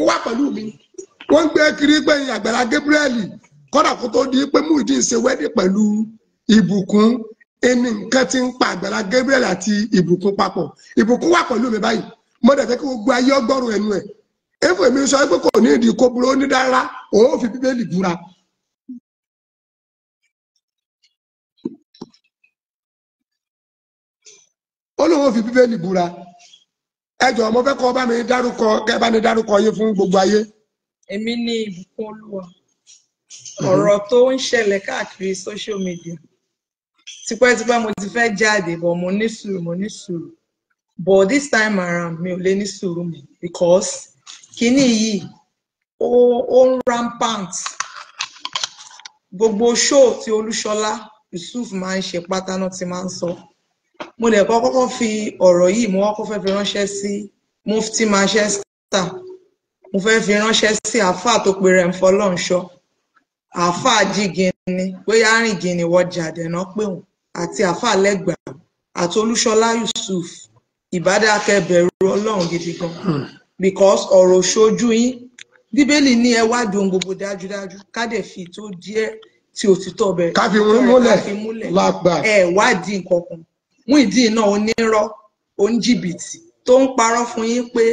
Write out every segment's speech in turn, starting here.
kó wá pẹ̀lú mi wọ́n ń gbé kiri pé àgbàlá Gabriel kọ́dà kó tó di pé Muyideen ṣe wẹ́dì pẹ̀lú ìbùkún ẹni nǹkan ti ń pa àgbàlá Gabriel àti ìbùkún papọ̀ ìbùkún wà pẹ̀lú mi báyìí mo dẹ̀ fẹ́ kí gbogbo ayé ọgbọ́rùn ẹnu ẹ̀ efu èmi sọ pé kò ní ìdí kóbúrò ó ní dára òun fi bíbélì búra. ó fi bíbélì búra ẹ jọ̀ọ́ mo fẹ́ kọ́ bá mi dárúkọ kẹ́ bá mi dárúkọ yín fún gbogbo ayé. èmi ni ìbùkún olúwa ọ̀rọ̀ tó ń ṣẹlẹ̀ káàkiri social media tipẹ́tipẹ́ mo ti fẹ́ jáde but mo ní sùúrù mo ní sùúrù but this time around mi ò lè ní sùúrù mi because kínní yìí ó ń rampant gbogbo show ti olúṣọlá yusuf máa ń ṣe pátá náà ti máa ń sọ. So mo dẹ̀ kọ́ kọ́kọ́ fi ọ̀rọ̀ yìí mo kọ́kọ́ fẹ́ fi ránṣẹ́ sí mufti manchester mo fẹ́ fi ránṣẹ́ sí àáfàá tó pe rẹ̀ ń fọlọ́ǹṣọ́ àáfàá jígini bóyá rìngìnì wọjà àdẹ̀nà pé òun àti àáfàá lẹ́gbàá àti olúṣọlá yusuf ìbádàkẹ́ bẹ̀rù ọlọ́run gidi gan hmm. because ọ̀rọ̀ ṣojú yín bíbélì ní ẹ wádìí ohun gbogbo dájúdájú kádẹ̀fì tó díẹ̀ tí òtítọ́ bẹ̀rẹ̀ ká fi múlẹ̀ lágbà ẹ wádìí nǹkan kan Muyideen náà onírọ́ oníjìbìtì tó ń parọ́ fún yín pé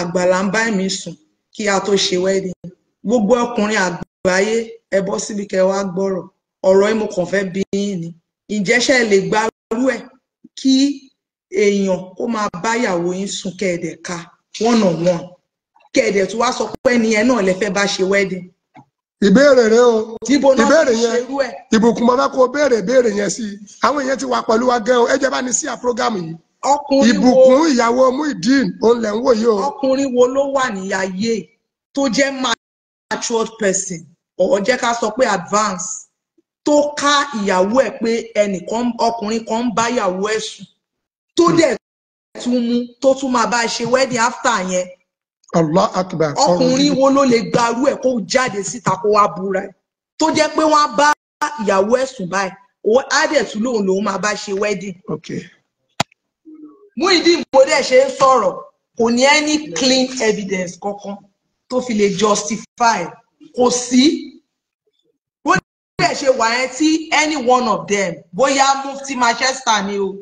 àgbàlá ń bá ẹ̀mí sùn kí a tó ṣe wedding gbogbo ọkùnrin àgbáyé ẹ bọ́ síbi kẹ́ wá gbọ́rọ̀ ọ̀rọ̀ yìí mo kàn fẹ́ bí yín ni ìjẹ́ṣẹ́ lè gba irú ẹ̀ kí èèyàn kó máa bá ìyàwó yín sùn kẹ́ẹ̀dẹ̀ ka one on one kẹ́ẹ̀dẹ̀ tó wá sọ pé ẹni yẹn náà lè fẹ́ bá ṣe wedding ìbéèrè rẹ o ìbéèrè yẹn ìbùkún mama kò béèrè béèrè yẹn sí àwọn èèyàn ti wà pẹ̀lú wa gan o ẹ jẹ́ bá ní sí à programu yìí ìbùkún ìyàwó Muideen òun lẹ̀ ń wò yìí o. ọkùnrin wo ló wà níyàyé tó jẹ́ matured person ọ̀rọ̀ jẹ́ ká sọ pé advance tó ká ìyàwó ẹ̀ pé ẹnìkan ọkùnrin kan ń bá ìyàwó ẹ̀ sùn tó hmm. dẹ̀ tún mú tó tún máa bá ṣe wedding after yẹn Allah akbar. ọkùnrin wo ló lè gbarú ẹ̀ kó jáde síta kó wá búra ẹ̀ tó jẹ́ pé wọ́n bá ìyàwó ẹ̀ sùn báyìí á dẹ̀ lòun máa bá ṣe wedding. Okay. Muyideen bó ṣe ń sọ̀rọ̀ kò ní any clean evidence kankan tó fi lè justify kò sí bó dẹ̀ ṣe wà yẹn tí any one of them bóyá mufti Manchester ni o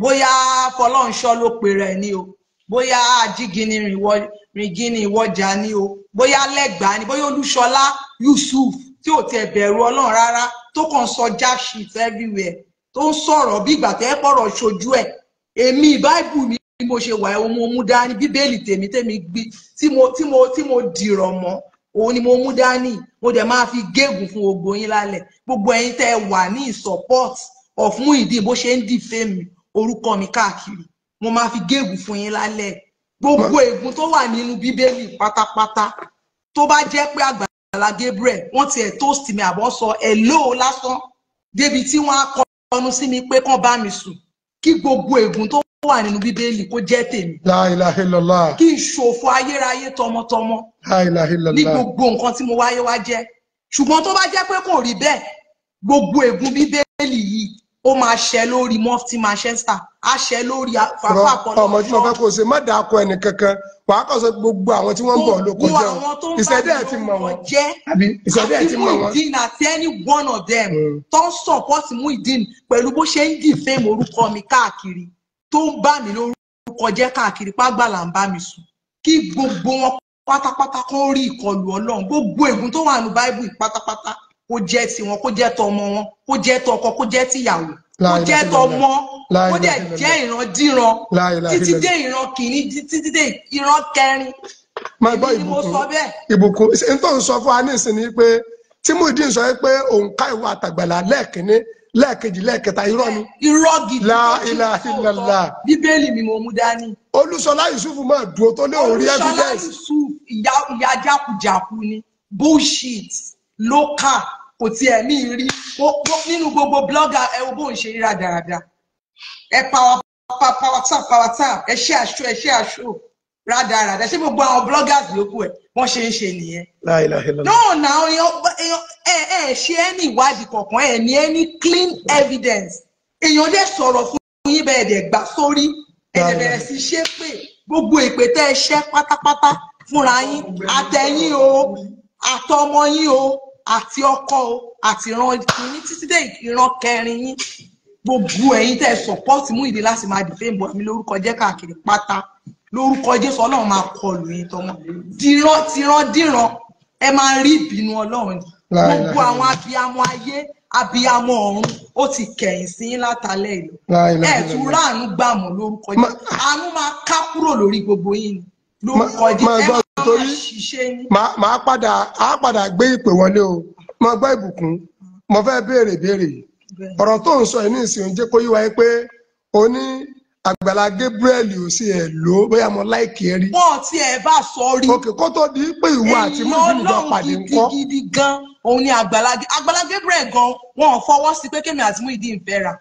bóyá Fọlọ́runṣọ́ ló pèrè ẹ̀ ni o bóyá àjígini rìngini ìwọjà ni o bóyá lẹ́gbàá ni bóyá olúṣọlá yusuf tí ò tiẹ̀ bẹ̀rù ọlọ́run rárá tó kàn sọ jashit everywhere tó ń sọ̀rọ̀ bí ìgbà tẹ́ pọ̀rọ̀ ṣojú ẹ̀ èmi báìbù mi bí mo ṣe wà ẹ̀ mo mú dání bíbélì tèmi tèmi gbé tí mo tí mo tí mo dìrọ̀ mọ́ òun ni mo mú dání mo dẹ̀ máa fi géègùn fún gbogbo yín lálẹ́ gbogbo ẹ̀yin tẹ́ wà ní support of Muyideen bó ṣe ń dìfẹ́ mi orúkọ mi káàkiri mo máa fi géègùn fún yín lálẹ́ gbogbo ègún tó wà nínú bíbélì pátápátá tó bá jẹ́ pé àgbàlá Gabriel wọ́n tiẹ̀ toast mi àbọ̀ sọ hello lásán débi tí wọ́n á kọnu sí mi pé kán bá mi sùn kí gbogbo ègún tó wà nínú bíbélì kó jẹ́ tèmi. La ilaha illallah. kí n ṣòfò ayérayé tọmọtọmọ. La ilaha illallah. ní gbogbo nǹkan tí mo wáyé wá jẹ́ ṣùgbọ́n tó bá jẹ́ pé kò rí bẹ́ẹ̀ gbogbo ègún bíbélì yìí ó máa ṣẹ lórí mufti manchester á ṣẹ lórí fàáfà kan náà. ọmọ tí mo fẹ́ kó o ṣe má dàkọ ẹnì kankan wà á kàn sọ gbogbo àwọn tí wọ́n ń bọ̀ ló kọjá o ìṣẹ̀dẹ̀ ẹ̀ ti mọ̀ wọ́n ìṣẹ̀dẹ̀ ẹ̀ ti mọ̀ wọ́n. àti Muyideen àti any one of them mm. tó ń support Muyideen pẹ̀lú bó ṣe ń defame orúkọ mi káàkiri tó ń bà mí lórúkọ jẹ́ káàkiri pàgbàlà ń bá mi sùn kí gbogbo wọn pátápátá kan rí ìkọlù ọlọ́run gbogbo ègún tó wà ní báíbù pátápátá kó jẹ́ tiwọn kó jẹ́ tọmọ wọn kó jẹ́ tọkọ kó jẹ́ tìyàwó kó jẹ́ tọmọ kó dẹ̀ jẹ́ ìrandíran títí dé ìran kìíní títí dé ìran kẹrin èmi ni mo sọ bẹ́ẹ̀. ìbùkún n tó ń sọ fún wa nísìn ni pé tí Muyideen sọ pé òun ká ìwà àtàgbàlá lẹ́ẹ̀kínní lẹ́ẹ̀kejì lẹ́ẹ̀kẹta irọ́ ni. irọ́ gidi la ilaha illallah. bíbélì mi mo mú dání. olúṣọlá yusuf máa dúró tó lé òun rí evidence. olúṣọlá yusuf ìyá ìyá jákujàku ni bullshit lókà kò tiẹ̀ mí rí nínú gbogbo blogger ẹ wo bóun ṣe ríra dáadáa ẹ power power tap power tap ẹ ṣe àṣọ ẹ ṣe àṣọ rádaràdà ṣé gbogbo àwọn bloggers yòókù ẹ wọn ṣe ń ṣe nìyẹn. náà na ẹ ẹ ṣe ẹ ní ìwádìí kankan ẹ ní ẹ ní clean evidence èèyàn dẹ̀ sọ̀rọ̀ fún yín bẹ́ẹ̀ dẹ̀ gbà sórí ẹ dẹ̀ bẹ̀rẹ̀ sí ṣe pé gbogbo èpè tẹ́ ẹ ṣẹ́ pátápátá fúnra yín àtẹ̀yìn o àtọmọ yín o àti ọkọ o àti ìran kìíní títí dé ìran kẹrin yín gbogbo ẹ̀yin tẹ́ support Muyideen láti máa defend Bùhámi lórúkọ jẹ́ káàkiri pátá lórúkọ Jésù Ọlọ́run máa kọlù yín tọmọ dìran tìran dìran ẹ máa rí ìbínú Ọlọ́run gbogbo àwọn abiyamọ ayé abiyamọ ọ̀run ó ti kẹ̀yìn sí látàlẹ́ ìlú ẹ tún ráàánú gbàmọ lórúkọ Jésù àánú máa ká kúrò lórí gbogbo yín lórúkọ Jésù ẹ torí màá padà á padà gbé ìpè wọlé o mo gbọ́ ìbùkún mo fẹ́ béèrè béèrè ọ̀rọ̀ tó ń sọ yìí ní ìsìn oúnjẹ kó yíwa pé o ní àgbàlá Gabriel ò sí ẹ lò ó bóyá mo láìkì ẹ rí. wọn ti ẹ bá sọ rí. òkè kó tó di pé ìwọ àti mùsùlùmí jọ pàdé ńkọ́. èyí ọlọ́run gidi gan òun ni àgbàlá àgbàlá Gabriel gan wọn ò fọwọ́ sí pé kémi àti Muyideen fẹ́ra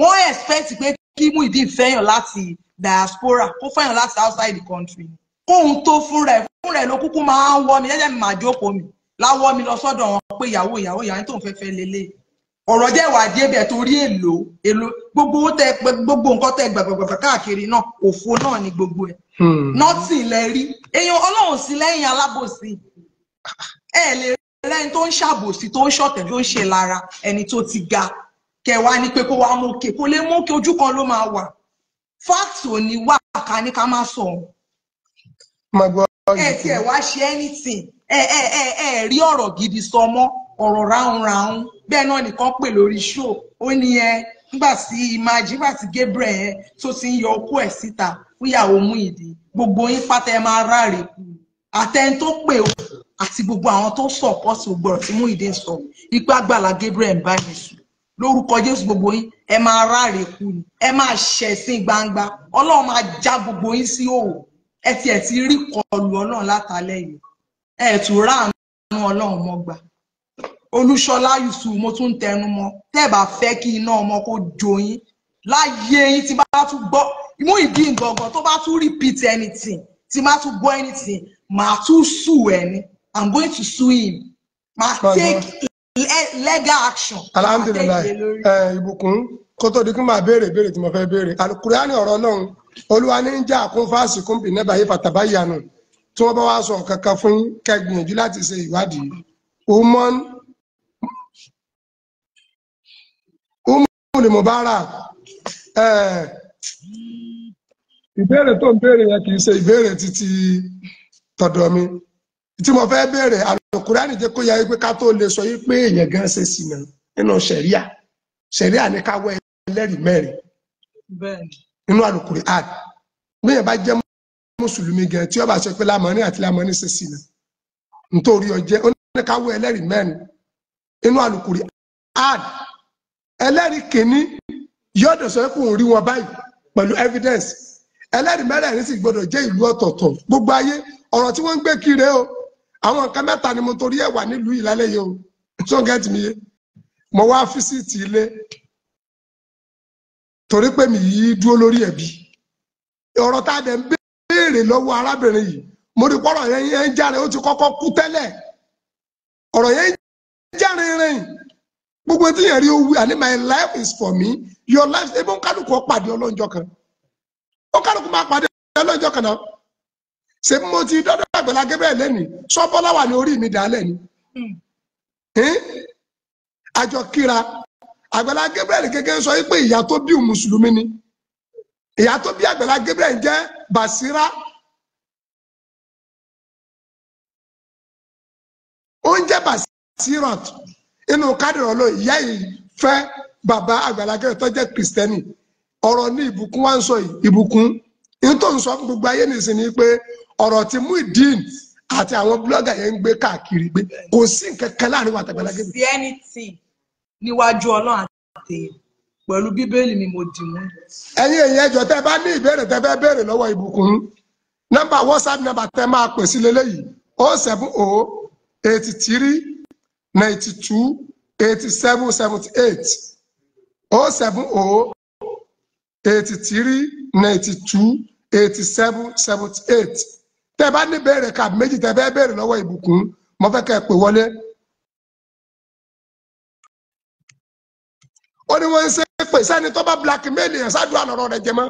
wọn expect pé kí Muyideen fẹ́yàn láti diaspora kó fẹ́yàn láti outside the country ni kóun tó fúnra ẹ̀ fúnra ẹ̀ ló kúkú máa ń wọ́ mi jẹ́jẹ́ mi máa jókòó mi láwọ́ mi lọ sọ́dọ̀ wọn pé ìyàwó ìyàwó ìyàwó tó ń fẹ́ fẹ́ lélẹ̀ ọ̀rọ̀ jẹ́ ìwà débẹ̀ torí èlò èlò gbogbo tẹ gbogbo nǹkan tẹ gbàgbàgbà káàkiri náà òfo náà ni gbogbo ẹ̀ hmm. nọ́ọ̀tì lẹ rí èèyàn ọlọ́run sí lẹ́yìn alábòsí ẹ lè rẹ́ni tó ń ṣàbòsí tó ń ṣọ̀tẹ̀ tó ń ṣe lára ẹni tó ti ga kẹwàá ni pé kó wá mókè kó lè mókè ojú kan ló máa wà fáàtì ò wà ká ní ká má sọ ọ́n mo gbọ́ ẹ tiẹ̀ wá ṣe anything ẹ ẹ ẹ ẹ rí ọ̀rọ̀ gidi sọ mọ́ ọ̀rọ̀ ráhùnráhùn bẹ́ẹ̀ náà nìkan pè lórí show ó ní ẹ nígbà tí imagine nígbà tí Gabriel ẹ tó ti ń yọ okó ẹ̀ síta fúyàwó mú ìdí gbogbo yín pátá ẹ máa ráre kú àtẹni tó pè ó àti gbogbo àwọn tó support gbogbo ọ̀rọ̀ tí mú ìdí sọ ipá gbàlá Gabriel ń bá mi sùn lórúkọ Jésù gbogbo yín ẹ máa ráre kú ni ẹ máa ṣẹ̀ sí gbangba Ọlọ́run máa já gbogbo yín sí òòrùn ẹ tiẹ̀ ti rí kọlù ọlọ́run látàlẹ́ yìí ẹ tún ráàánú ọlọ́run mọ́ gbà olúṣọlá yusuf mo tún ń tẹnu mọ́ tẹ́ bá fẹ́ kí iná ọmọ kó joyin láyé yín tí bá tún gbọ́ imú ìdí ìgangan tó bá tún repeat anything tí bá tún gbọ́ anything màá tún sue ẹni i'm going to sue him màá take legal action. alhamdulilayi ibùkún. Uh, kó tó di kí n máa béèrè béèrè tí mo fẹ́ béèrè alukurani ọ̀rọ̀ Ọlọ́run olúwa ní ń jà kún fásitì kún bí nẹ́bàá yìí fàtàbáyànù tí wọ́n bá wá sọ kankan fún kẹgbìyànjú láti ṣe ìwádìí umon umul mubara ìbéèrè tó ń béèrè yẹn kì í ṣe ìbéèrè títí tọ̀dọ̀ mi tí mo fẹ́ béèrè alukurani jẹ́ kó yá wípé ká tó lè sọ yí pé èèyàn gan ṣe sí náà nínú sẹ̀ríà sẹ̀ríà ní ká wẹ́ ẹlẹ́rìí mẹ́rin nínú àlùkùrẹ́ àn bẹ́ẹ̀ bá jẹ́ mùsùlùmí gan tí ó bá sọ pé lámọ́ní àti lámọ́ní ṣe sí náà nítorí ọjẹ́ ó ní ká wọ ẹlẹ́rìí mẹ́rin nínú àlùkùrẹ́ àn ẹlẹ́rìí kìíní yóò dẹ̀ sọ pé òun rí wọn báyìí pẹ̀lú evidence ẹlẹ́rìí mẹ́rẹ̀ẹ̀rin sì gbọ́dọ̀ jẹ́ ìlú ọ̀tọ̀ọ̀tọ̀ gbogbo ayé ọ̀rọ̀ tí wọ́n ń gbé kiri o àwọn nǹkan mẹ́ta ni mo torí ẹ̀ wà nílùú ìlálẹ́ yìí o tí wọ́n gẹ́tì mi yé mo wá físìtì ilé torí pé mi yìí dúró lórí ẹbí ọ̀rọ̀ tá a dẹ̀ ń béèrè lọ́wọ́ arábìnrin yìí mo rí pọ́rọ̀ yẹn yẹn ń járe ó ti kọ́kọ́ kú tẹ́lẹ̀ ọ̀rọ̀ yẹn járe rìn gbogbo tí yẹn rí owó àní my life is for me your life ebi kálukú pàdé ọlọ́njọ́ kan ó kálukú máa pàdé ọlọ́njọ́ kan náà ṣé mo ti dọ́dọ̀ Àgbàlá Gabriel lẹ́nu sọ́bọ́lá wà ní orí mi dàálẹ̀ ni àjọ hmm. kíra. àgbàlá Gabriel gẹ́gẹ́ sọ pé ìyá tó bí mùsùlùmí ni ìyá tó bí àgbàlá Gabriel jẹ́ Basira ó ń Basira inú kádìrọ̀ ló ìyá yìí bàbá àgbàlá Gabriel tó jẹ Kristẹni ọrọ ní ìbùkún wá ń sọ ìbùkún gbogbo ayé nìsín ni ti àti àwọn yẹn ń gbé káàkiri gbé kò sí nǹkan kan Gabriel. níwájú ọlọ́run àtẹ̀yìn pẹ̀lú bíbélì mi mo dì mú. ẹ̀yin èèyàn ẹjọ́ tẹ́ bá ní ìbéèrè tẹ́ fẹ́ béèrè lọ́wọ́ ìbùkún nọ́mbà whatsapp nọ́mbà tẹ́ máa pè sí leléyìí o oh seven o oh eighty three ninety two eighty seven seventy eight o oh seven o eighty three ninety two eighty seven seventy eight tẹ́ bá ní ìbéèrè kàbí méjì tẹ́ fẹ́ béèrè lọ́wọ́ ìbùkún mo fẹ́ kẹ́ pè wọlé ó ní wọ́n ń ṣe pè sẹ́ni tó bá blackmail yẹn ṣáàdúrà lọ́rọ̀ rẹ̀ jẹ mọ́.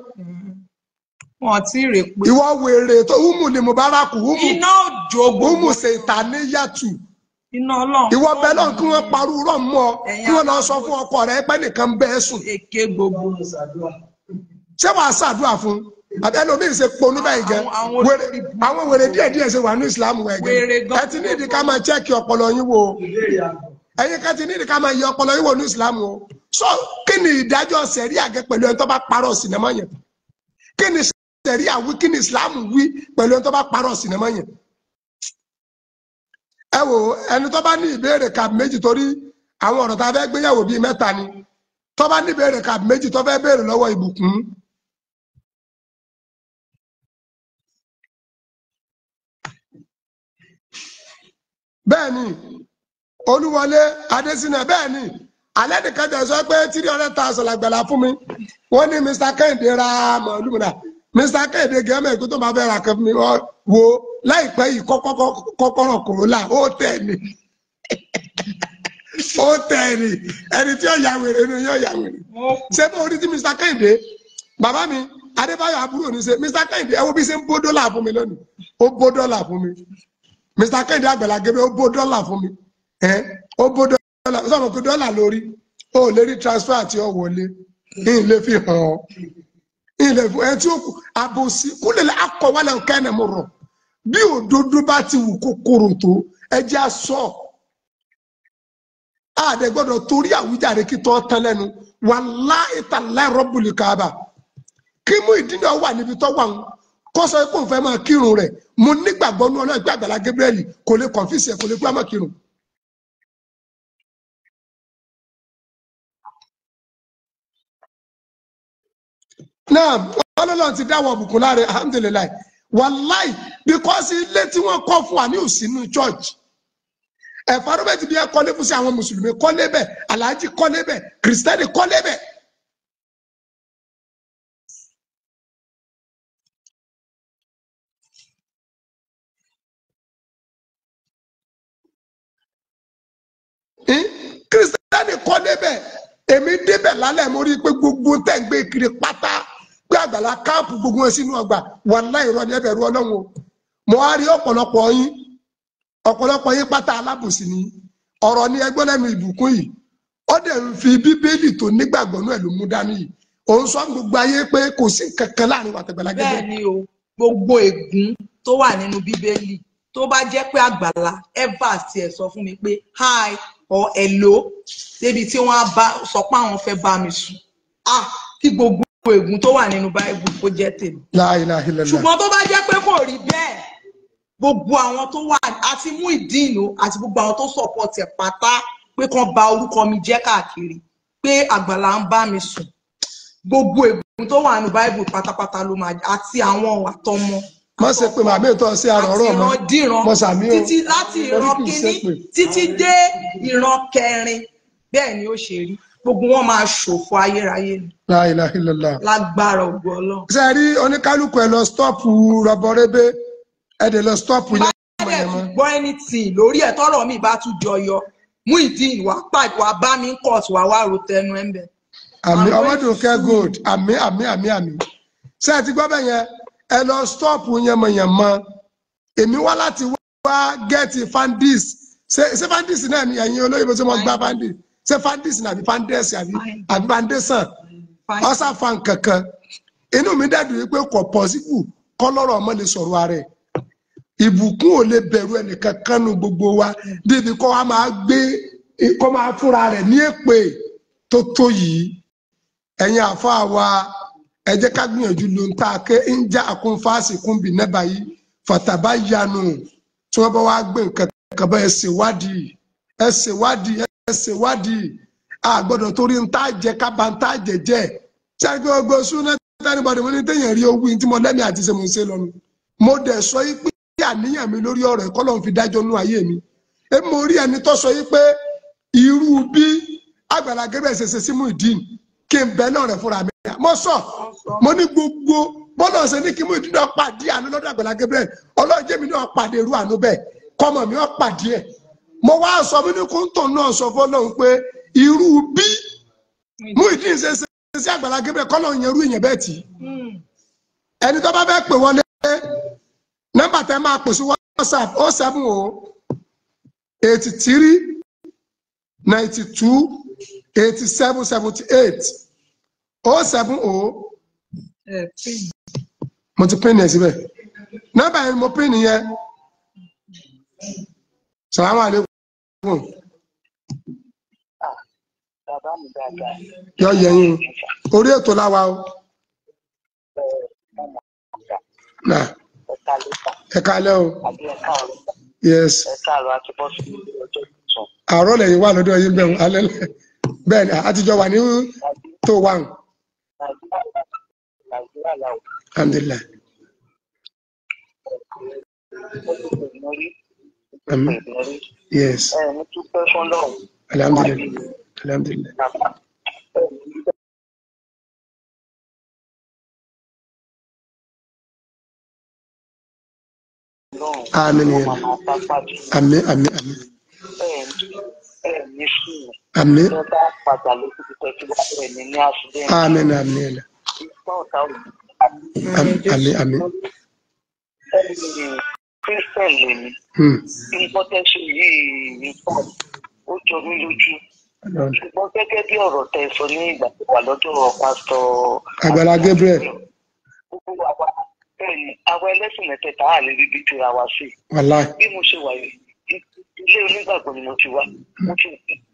wọn ti rè pé. ìwọ wèrè tó umu ni mubarak umu iná òjògbó umu ṣètàníyàtù iná ọlọ́run ìwọ bẹ́ẹ̀ lọ́n kí wọ́n parú rọ̀ mọ́ ọ kí wọ́n lọ sọ fún ọkọ rẹ pé nìkan bẹ́ẹ̀ sùn. èké gbogbo ṣé wàá ṣàdúrà fún àbí ẹlòmíì ṣe ponú ah, báyìí gẹ àwọn wèrè díẹ̀ díẹ̀ ṣe wà ní ìsìlámù ẹ gẹ ẹ ti ní ìdí ká máa chẹ́ẹ̀kì ọpọlọ yín wò ẹ̀yin ká ti ní ìdí ká máa yẹ ọpọlọ yín wò so kí ni ìdájọ́ sẹ̀ríà gẹ́ pẹ̀lú ẹni tó bá parọ́ sinimá yẹn kí ni sẹ̀ríà wí kí ni islam wí pẹ̀lú ẹni tó bá parọ́ sinimá yẹn. ẹ wo ẹni tó bá ní ìbéèrè kàbí méjì torí àwọn ọ̀rọ̀ tá a fẹ́ gbéyàwó bíi mẹ́ta ni tó bá ní ìbéèrè kàbí méjì tó fẹ́ béèrè lọ́wọ́ ìbùkún. bẹ́ẹ̀ ni olúwọlé adésínà bẹ́ẹ̀ ni alẹ́ nìkan jẹ́ sọ pé three hundred thousand làgbàlá fún mi wọ́n ní mr kẹ́hìndé ra màálù náà mr kẹ́hìndé gẹ́mẹ̀ tó tó máa fẹ́ ra kan fún mi wo láìpẹ́ yìí kọ́kọ́rọ́ kòrólà ó tẹ̀ ní ó tẹ̀ ní ẹni tí yóò yà wèrè ni yóò yà wèrè ṣé bó orí tí mr kẹ́hìndé bàbá mi adébáyọ̀ àbúrò ní ṣe mr kẹ́hìndé ẹ wo bí ṣe ń bó dọ́là fún mi lónìí ó bó dọ́là fún mi mr kẹ́hìndé àgbàlá gẹ́gẹ́ ó bó dọ́là fún mi ẹ ó bó dọ́là dọ́là sọ̀rọ̀ pé dọ́là lórí o lè rí transfer àti ọ wọlé ní ilé fi hàn ọ́ ní ilé fún ẹ tí ó kù àbòsí kúlẹ̀ akọ̀wálẹ̀ kẹ́nẹ̀ mo rọ̀ bí òdodo bá ti wù kó korò tó ẹ jẹ́ àṣọ àdẹ gbọ́dọ̀ torí àwíjàre kí tọ́ tán lẹ́nu wàláhì tàláhì rọ́bùlì kàbà kí mú ìdílé ọ wà níbi tọ́ wà ń kọ́ sọ pé òun fẹ́ máa kírun rẹ̀ mo nígbàgbọ́ ní ọlọ́ọ̀gbẹ́ àgbàlá Gabriel kò lè kọ̀ǹfìsì ẹ̀ kò lè gbá máa kírun. náà ọlọ́lọ́run ti dáwọ́ ọ̀bùkún láre alhamdulilayi wàláì because ilé tí wọ́n kọ́ fún wa ní òsínú church ẹ̀fọ́ arúgbẹ́tì bí ẹ kọ́lé fún sí àwọn mùsùlùmí kọ́lé bẹ̀ aláàjì kọ́lé kìrìsìtẹ́nì kọ́lé hmm? kìrìsìtẹ́nì kọ́lé èmi débẹ̀ lálẹ́ mo rí i àgbàlá káàpù gbogbo wọn sínú ọgbà wàláhì irọ́ ni ẹ bẹ̀rù Ọlọ́run o mo á rí ọ̀pọ̀lọpọ̀ yín ọ̀pọ̀lọpọ̀ yín pátá alábòsí ni ọ̀rọ̀ ni ẹgbọ́n lẹ́nu ìbùkún yìí ó dẹ̀ ń fi bíbélì tó nígbàgbọ́ náà ló mú dání yìí òun sọ gbogbo ayé pé kò sí kankan láàrin wàtàgbàlá gẹ́gẹ́. bẹ́ẹ̀ ni o gbogbo ègún tó wà nínú bíbélì tó bá jẹ́ pé àgbàlá ever ti ẹ̀ sọ fún mi pé hi or hello débi tí wọ́n á sọ pé àwọn fẹ́ bá mi sùn ah kí gbogbo gbogbo ègún tó wà nínú báíbù kó jẹ́ tèmi. ṣùgbọ́n tó bá jẹ́ pé kò rí bẹ́ẹ̀ gbogbo àwọn tó wà àti mú ìdínú àti gbogbo àwọn tó sọ̀pọ̀tì ẹ̀ pátá pé kàn bà orúkọ mi jẹ́ káàkiri pé àgbàlá ń bá mi sùn gbogbo ègún tó wà nínú báíbù pátápátá ló máa àti àwọn àtọmọ. má ṣe pé màmí ètò ọ̀sẹ̀ àrọ̀rọ̀ mọ́ mọ́ sàmí o títí láti ìran kínní títí dé ìran kẹrin bẹ́ẹ̀ ni ó ṣe rí gbogbo wọn máa ṣòfò ayérayé ni. láìláìlọ́lá. lágbára ògbó ọlọ́run. ṣe rí oníkálukú ẹ lọ stọ́ọ̀pù rọbọrébé ẹ dẹ̀ lọ stọ́ọ̀pù yẹn. bá ẹ̀ tún gbọ́ anything lórí ẹ̀ tọ́rọ̀ mi bá tún jọyọ mú ìdí ìwà pàdé wa bá mi court wa wá ro tẹnu ẹ̀ ń bẹ̀. àmì ọmọdúnkẹ́ gold àmì àmì àmì àmì ṣe ti gbọ́ bẹ́ẹ̀ yẹn ẹ lọ stọ́ọ̀pù yẹmọ̀yẹmọ̀ èmi wá láti wá gẹ́ẹ̀tì fandis ṣe fandis náà ni ẹ̀yin olóyìnbó tí wọ́n gbá fandis ṣé fandis àbí fandesi àbí àbí fandesan ọsà fan kankan inú mi dàbí wípé kò pọ́sibù kọ́lọ́rọ̀ ọmọ lè sọ̀rọ̀ ara ẹ̀ ìbùkún ò lè bẹ̀rù ẹnìkan kánú gbogbo wa débi kọ́ wa máa gbé kọ́ máa fúnra rẹ̀ ní èpè tó tó yìí ẹ̀yin àfáà wa ẹ jẹ́ ká gbìyànjú ló ń ta ké ń já àkún fáàsì kún bí nẹ́bà yìí fàtàbá yanu tí wọ́n bá wá gbé nǹkan kan bá ẹ ṣèwádìí ẹ ṣèwádìí ẹsẹ̀ wádìí àgbọ̀dọ̀ torí ń tá jẹ kábà ń tá jẹ jẹ ṣáàkì ọgbọ súná tẹnibọdì mo ní téèyàn rí owó tí mo lẹ́mìí àti ṣe mo ṣe lọ́nu mo dẹ̀ sọ yí pé àníyàn mi lórí ọ̀rọ̀ ẹ̀kọ́ lọ́n fi dájọ́ nú ayé mi ẹ mo rí ẹni tó sọ yí pé irú bí Àgbàlá Gabriel ṣe ṣe sí kí n bẹ náà rẹ̀ fúnra mi mo sọ mo ní gbogbo bọ́lọ̀ ṣe ní kí Muyideen náà pàdé àánú lọ́dọ̀ Àgbàlá Gabriel ọlọ́ọ̀jẹ́ mi náà pàdé irú àánú bẹ́ẹ̀ kọ́mọ mi náà pàdé ẹ̀ mo wá sọ fún ní kóńtò náà sọ fún ọlọ́run pé irú bí Muyideen ṣe ṣe sí Àgbàlá Gabriel kọ́lọ̀ yẹn irú ìyẹn bẹ́ẹ̀ tì ẹni tó bá fẹ́ pè wọlé nọ́mbà tẹ́ máa pè WhatsApp ó oh seven o oh eighty three ninety two eighty seven seventy eight ó oh seven o mo ti pín ní ẹ síbẹ̀ nọ́mbà yẹn mo pín nìyẹn salamu aleykum. yọ yẹ yín orí ètò láwa o na ẹ kálẹ́ o yes àárọ̀ lẹ́yìn wà lọ́dọ̀ yín bẹ́ẹ̀ alẹ́ bẹ́ẹ̀ ni àtijọ́ wà ní tó wà alhamdulilayi. Amen. Yes. Alhamdulillah. Alhamdulillah. Amen. Amen. Amen. Amen. Amen. Amen. Amen. Amen. Amen. christian lèmi nǹkan hmm. tẹ́ ṣe yìí nǹkan ó jọ mí lójú ṣùgbọ́n gẹ́gẹ́ bí ọ̀rọ̀ tẹ́ sọ ní ìgbà tó wà lọ́dọ̀ pásítọ̀ Àgbàlá Gabriel gbogbo àwa àwa ẹlẹ́sìn mẹ́tẹ̀ẹ̀ta á lè ríbi tira wa sí i bí mo ṣe wà yìí ilé onígbàgbọ́ ni mo ti wá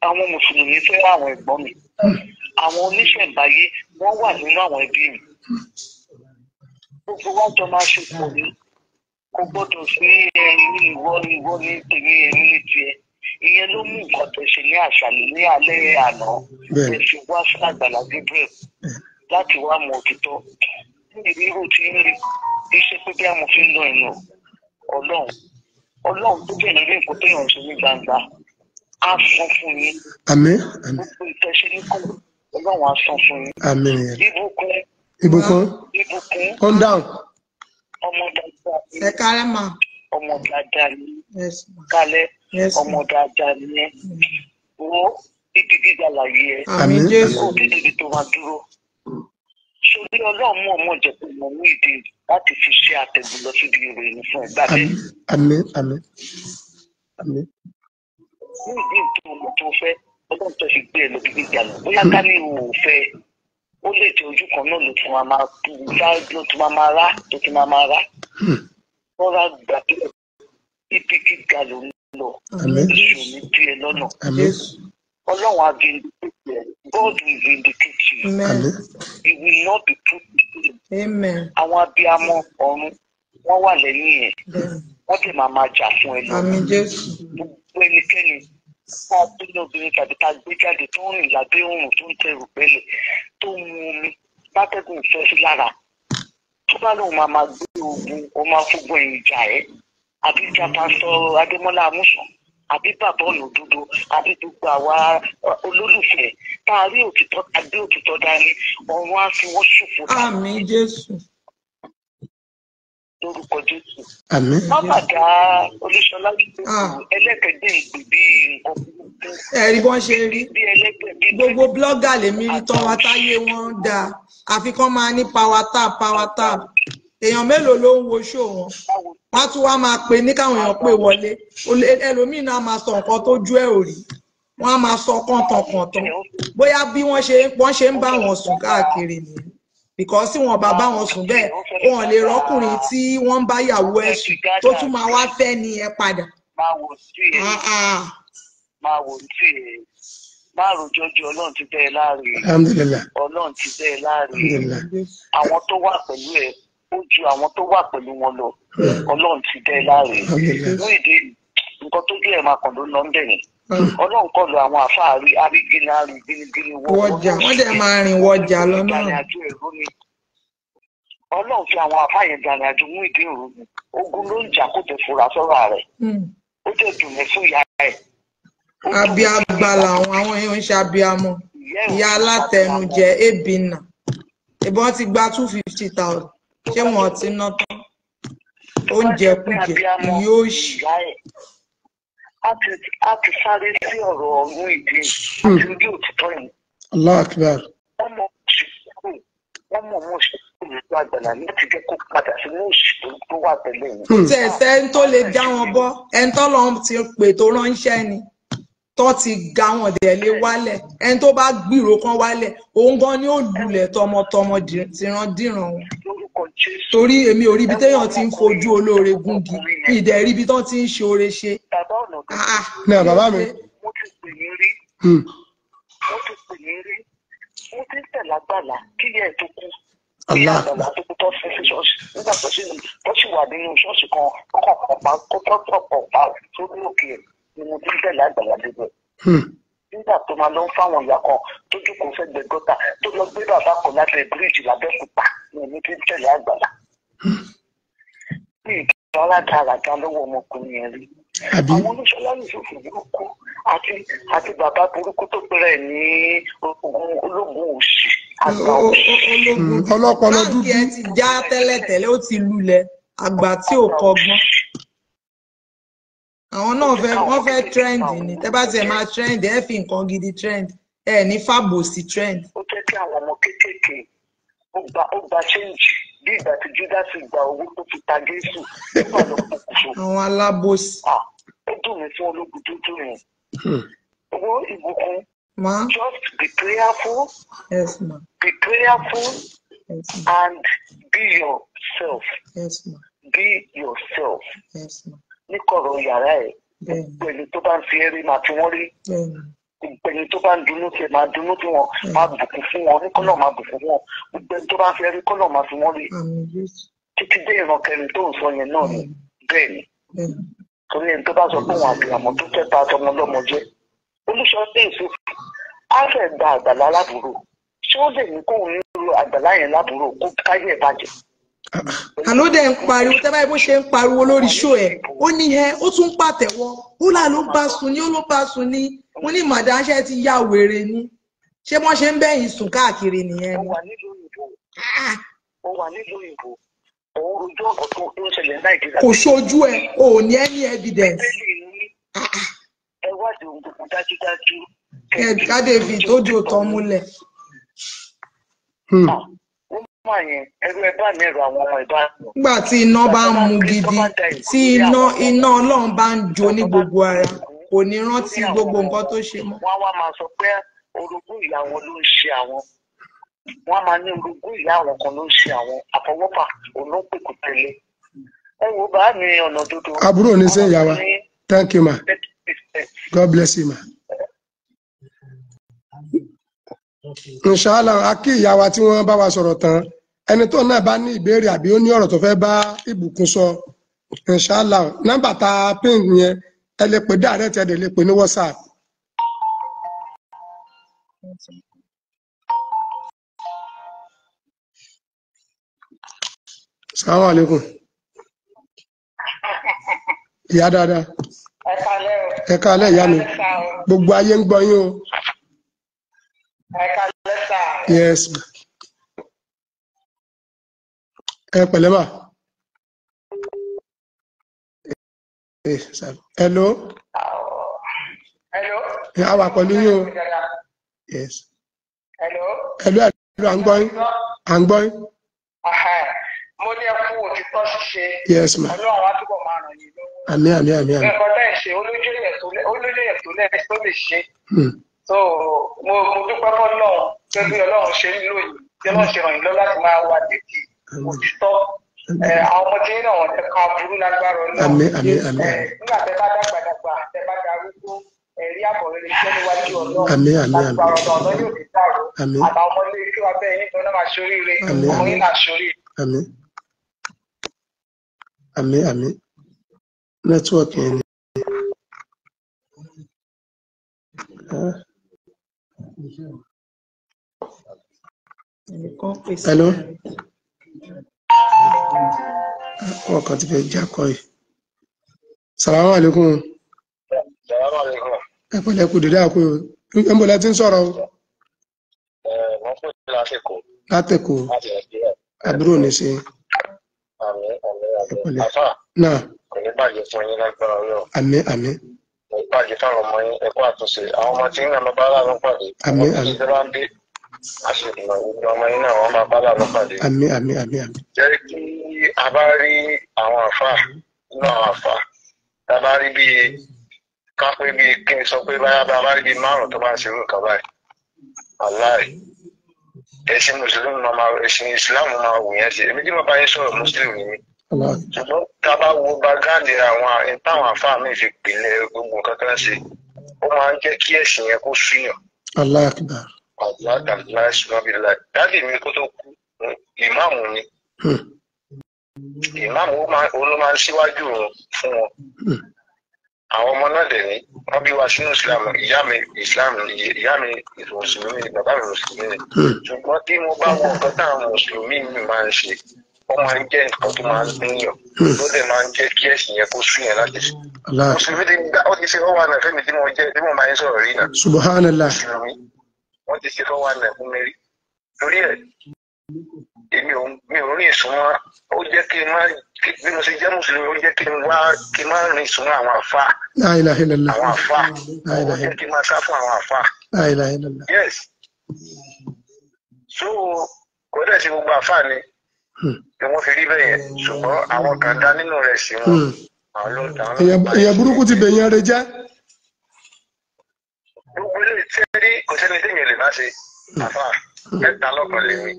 àwọn mùsùlùmí fẹ́ àwọn ẹ̀gbọ́n mi àwọn oníṣẹ̀ǹbáyé wọ́n wà nínú àwọn ẹbí mi gbogbo wa máa ṣe pọ̀ ní kò gbọdọ̀ sí ẹni ìwọ ni ìwọ ni tèmi ẹni ní tiẹ̀ ìyẹn ló mú nǹkan tó ṣe ní àṣàlẹ̀ ní alẹ́ àná ẹ fi wá sí Àgbàlá Gabriel láti wá mọ òtítọ́ níbi irú tí ń rí iṣẹ́ pé bí àwọn fi ń lọ ìlú Ọlọ́run Ọlọ́run tó bẹ̀rẹ̀ ní nǹkan tó yàn ṣe ní gbangba á san fún yín gbogbo ìtẹ̀sẹ̀ ní kọ́ Ọlọ́run á san fún yín ibùkún ibùkún on ọmọ dáadáa ni. ẹ kálẹ́ mà. ọmọ dáadáa ni. kálẹ́ ọmọ dáadáa ni. wo ibi gíga làyè ẹ. àmín jésù. kò dídì ibi tó máa dúró. sórí ọlọ́run mú ọmọ ìjẹ̀kùn mọ̀ ní ìdí láti fi ṣe àtẹ̀gùn lọ síbi ìròyìn fún ẹ̀gbá bẹ́ẹ̀. àmín àmín àmín. ní ìdí ìtumọ̀ tó fẹ́ ọlọ́run tó fi gbé ẹ lọ gíga lọ bóyá ká ní ìwò fẹ́ ó lè jẹ ojú kan náà ló ti máa máa bá ló ti máa máa rá ló ti máa máa rá hmm. wọ́n gbà pé ibi gíga ló ń lọ èṣù ní bí ẹ lọ́nà á vindicate God will vindicate you you will not be put to àwọn abiyamọ ọ̀run wọ́n wà lẹ́yìn ẹ̀ wọ́n sì máa máa jà fún ẹ lọ gbogbo ẹnikẹ́ni ká bínú obìnrin tàbí ká gbé jáde tó ń rìn lábẹ́ òòrùn tó ń tẹ ìrùpẹ̀lẹ̀ tó ń mu omi bátẹ́gùn fẹ́ sí lára tó bá lóun máa máa gbé ogun ó máa fúngun ẹ̀yìn ìjà ẹ̀ àbí japa sọ adémọ́lá amúsàn àbí bàbá ọ̀nà òdodo àbí gbogbo àwa olólùfẹ́ tá a rí òtítọ́ tá a òtítọ́ dání ọ̀run á fi wọ́n ṣòfò. àmín jésù lórúkọ jésù. má bàdá olúṣọlá jùlọ ah. ẹlẹ́kẹ̀dé ìgbè bíi nǹkan ẹ̀rí wọ́n ṣe rí gbogbo blọ́gà lèmi rí tọ́wọ́ táyé wọn dá àfi máa ní power tap èèyàn mélòó ló ń wo ṣó wọn wọn tún wá máa pè ní káwọn èèyàn pè wọlé ẹlòmíín náà máa sọ nǹkan tó ju ẹ ò rí wọn á máa sọ kọ̀ǹtàn kọ̀ǹtàn bóyá bí wọ́n ṣe ń bá wọn sùn káàkiri nìyẹn because tí wọn bá bá wọn sùn bẹ́ẹ̀ wọn lè rọ́kùnrin tí wọ́n ń bá yàwó ẹ̀ sùn tó tún máa wá fẹ́ ni ẹ padà. máa wò sí ẹ ah, ah. máa wò sí ẹ máa rojọ ju Ọlọ́run ti bẹ́ẹ̀ láàrin Ọlọ́run ti bẹ́ẹ̀ láàrin àwọn tó wà pẹ̀lú ẹ ó ju àwọn tó wà pẹ̀lú wọn lọ hmm. Ọlọ́run ti bẹ́ẹ̀ láàrin lóyè nǹkan tó dé ẹ máa kàn ló ń lọ ń ọlọ́run kọlu àwọn àfáàrí àrígbìnrin àrùn gbìnìgbìnì wọ́jà wọ́n dẹ̀ máa rìn wọ́jà lọ́nà ọlọ́run fi àwọn afáyẹn gànàjú mú ìdí òru mi ogun ló ń jà kó tẹ fura sọ́ra rẹ̀ hmm. ó tẹ dùn mí fún ìyá rẹ̀. abiagba làwọn àwọn èèyàn ń ṣe abiamọ ìyá alátẹnujẹ ebina ìbọn ti gba two fifty thousand ṣé wọn ti ná tán oúnjẹ kújẹ ìyóòṣì a ti sáré sí ọ̀rọ̀ ọ̀run ìdí hmm. àti ojú òtítọ́ yìí. Allahu Akbar. wọ́n mọ̀ ṣe kúrò wọ́n mọ̀ mọ̀ ṣe kúrò lójú àgbàlá láti jẹ́ kó padà sínú òṣèlú tó wà tẹ́lẹ̀ yìí. tẹ̀sẹ̀ ń tó lè já wọn bọ́ ẹ̀ ń tọ́lọ́ ti pè tó ránṣẹ́ ni tó ti ga wọn dẹ̀ lé wálẹ̀ ẹni tó bá gbìrò kan wálẹ̀ òun gan ni ó lulẹ̀ tọmọtọmọ tìrandíran wọn torí èmi ò ríbi téèyàn ti ń fojú olóore gúngi ìdẹ̀ ríbi tó ti ń ṣe oore ṣe. ní bàbá mi. mo ti ni mo ti ń tẹ̀lé àgbàlá débẹ̀. Hmm. nígbà tó máa lọ ń fáwọn ìyá kan tó jókòó sẹ́gbẹ̀ gọ́tà tó lọ gbé bàbá kan lábẹ́ bíríìjì lábẹ́kúta ni mo ti ń tẹ̀lé àgbàlá. Hmm. bí ìjọba aládàáradà lọ́wọ́ ọmọkùnrin yẹn rí. àwọn oníṣọ́lá yusuf burúkú àti àti bàbá burúkú tó bẹ̀rẹ̀ ní ológun òsì àgbà òsì. ọlọ́pàá lọ dúdú. báńkì ẹ ti já tẹ́lẹ̀tẹ́lẹ̀ ó ti lulẹ̀ àgbà tí ò kọgbọ́n àwọn náà fẹ́ wọ́n fẹ́ trend ni tẹ́ bá tiẹ̀ máa trend ẹ fi nǹkan gidi trend ẹ ní fàbòsí trend. ó jẹ́ kí àwọn ọmọ kéékèèké ó gba ó gba change bí ìgbà tí júdásì gba owó tó fi ta jésù nígbà ló kó àwọn alábòsí. Ah, ó dùn mí fún ológun dúdú yẹn. Hmm. owó ìbùkún. ma just be prayerful. yes ma. be prayerful. yes ma. and be yourself. yes ma. be yourself. yes ma ní kọ̀rọ̀ yàrá ẹ̀ pẹ̀lú tó bá ń fi eré máa fi wọ́n rí pẹ̀lú tó bá ń dunú tiẹ̀ máa dunú tí wọ́n máa bùkún fún wọn ní kọ́nà máa bùkún fún wọn pẹ̀lú tó bá ń fi eré kọ́nà máa fi wọ́n rí títí dé ìran kẹrin tó ń sọ yẹn náà ni bẹ́ẹ̀ ni torí ẹni tó bá sọ pé òun àbìràmọ̀ tó fẹ́ ba tọmọ lọ́mọ jẹ́ olùsọ dé ìsòfin á fẹ́ gba àgbàlá lábúrò ṣé ó lè ní kóun ń àló dẹ̀ ń pariwo tẹ́ báyìí bó ṣe ń pariwo lórí ṣó ẹ̀ ó ní ẹ ó tún pàtẹ́wọ́ ó là ló bá sùn ní ó ló bá sùn ní mo ní màdáṣẹ́ ti yá wèrè ni ṣé wọ́n ṣe ń bẹ̀yìn sùn káàkiri nìyẹn ni. ó wà nílùú ìbò kò ṣojú ẹ ò ní any evidence. ẹ wádìí ohun gbogbo dájúdájú. ẹ dáde fi tó di òtọ́ múlẹ̀. Hmm. Ah mà yẹn ẹrú ẹ tí iná bá ń mu gidi tí iná iná ọlọ́run bá ń jó ní gbogbo ara kò ní rántí gbogbo nǹkan tó ṣe mọ́. wọ́n wá máa sọ pé orogún ìyàwó ló ń ṣe àwọn wọ́n máa ní orogún ìyá àwọn kan ló ń ṣe àwọn àfọwọ́pà olóńpẹ̀kù tẹ̀lé. ẹ wo bá mi ọ̀nà dodo. àbúrò ní sẹ́yìn yà thank you ma god bless you ma. inṣàlá a kí ìyá wa tí wọ́n bá wa sọ̀rọ̀ tán ẹni tó náà bá ní ìbéèrè àbí ó ní ọ̀rọ̀ tó fẹ́ bá ìbùkún sọ inṣàlá nọ́mbà tá a pín yẹn ẹ lè pè direct ẹ lè pè ní whatsapp. salamu aleykum ìyá dáadáa ẹ kálẹ́ ìyá mi gbogbo ayé ń gbọ́ yín o ẹ̀ka lẹ́tà. yes ma. ẹ pẹ̀lẹ́ ma. hello. hello. a wà pẹ̀lú yín o. yes. hello. hello hello à ń gbọ́ yín à ń gbọ́ mo ní ẹ òtítọ́ ṣíṣe. yes ma. ọlọ́run á túbọ̀ máa ràn yín lọ́wọ́. àmín àmín àmín. ẹ̀kọ́ tá ẹ̀ ṣe olójú èèyàn tó lẹ̀ tó lè ṣe. Hmm so mo mo dúpẹ́ fọlọ́run pé bí ọlọ́run ṣe ń lò yìí bí ọlọ́run ṣe ràn yín lọ láti máa wà títí òtítọ́ eh, àwọn ọmọ tí ń ràn wọ́n ẹ̀ka lágbára ọlọ́run eh, nígbà tẹ bá dàgbàdàgbà tẹ bá darúgbó ẹ̀rí àbọ̀rẹ́rẹ́ iṣẹ́ níwájú ọlọ́run lágbára ọlọ́run yóò fi dàrú àtàwọn ọmọ kí wàá bẹ́ẹ̀ yín gbọ́dọ̀ máa ṣoríire ọmọ yín náà ṣoríire. àmín àmín nẹ́tíwọ̀kì yẹn ni. Ah. Hello. Àwọn kan ti fẹ́ já kọ́ yìí. Salamu alaikum. Salamu alaikum. Ẹ pẹ̀lẹ́ kù dédé àkó. Ń bọ̀ lẹ́tí ń sọ̀rọ̀ o. Wọ́n kò sí lásìkò. Látẹ̀kò. Àbúrò ní ṣe. Àmín àmín àmín. Àfà. Náà. Kò ní bàjẹ́ fún yín jẹ́ káwọn ọmọ yín ẹ̀kọ́ àtúnṣe àwọn ọmọ tí ń nà máa bá láàánú pàdé àmín àmín ìjọba ń dé àṣèlú ọmọ yín náà wọ́n máa bá láàánú pàdé. àmín àmín àmín àmín. jẹ́ kí a bá rí àwọn àfa nínú àwọn àfa tá a bá rí bíi ká pé bíi kí n sọ pé báyà bá a bá rí bíi márùn tó bá ń ṣerú nǹkan báyìí aláì ẹ̀sìn mùsùlùmí ẹ̀sìn ìsìlámù máa wù yẹn èmi tí mo bá yín sọ̀rọ̀ mùsùlùmí ni ṣùgbọ́n tá a bá wo bàgáàdì àwọn táwọn àfáà mi fi pìlẹ̀ gbogbo kankan ṣe ó máa ń jẹ́ kí ẹ̀sìn yẹn kó súyàn. aláàkìdá. aláàkìdá ṣùgbọ́n bí láì dáàbì mi kó tó kú ìmáàmù ni hmm. ìmáàmù ló máa ń síwájú fún wọn hmm. àwọn ọmọ náà dẹ̀ ní wọ́n bí wa sínú ìsìlámù ìyá mi ìsìlámù ìyá mi mùsùlùmí bàbá mi mùsùlùmí ni hmm. ṣùgbọ́n tí mo bá wọ nǹkan táwọn mùsùlùmí mi máa ń ṣe ó máa ń jẹ́ nǹkan tó máa ń níyàn ló hmm. dẹ̀ máa ń jẹ́ kí ẹ̀sìn yẹn kó sún yẹn láti ṣe. mùsùlùmí ti gbá ó ti ṣe fọwọ́ àná fẹ́mi tí mo jẹ́ tí mo máa ń sọ̀rọ̀ rí náà. subhanallah. mùsùlùmí wọ́n ti ṣe fọwọ́ àná fún mi rí torí ẹ̀ èmi ò mi ò rìn súnmọ́ ó jẹ́ kí n má bí mo ṣe jẹ́ mùsùlùmí ó jẹ́ kí n wá kí n má rìn súnmọ́ àwọn àfa. àwọn àfa ó jẹ́ kí n má sá yes so kò dẹ̀ sí gbogbo àfa ni. Hmm ni wọ́n fi rí bẹ́ẹ̀ yẹn ṣùgbọ́n àwọn kan dá nínú rẹ̀ sí wọn. èèyàn hmm. burúkú ti bẹ̀yẹn rẹ jẹ́. gbogbo ilé tí ẹ rí kò sẹ́ni tí èèyàn lè má ṣe hmm. àfà mẹ́ta lọ́kàn lè mi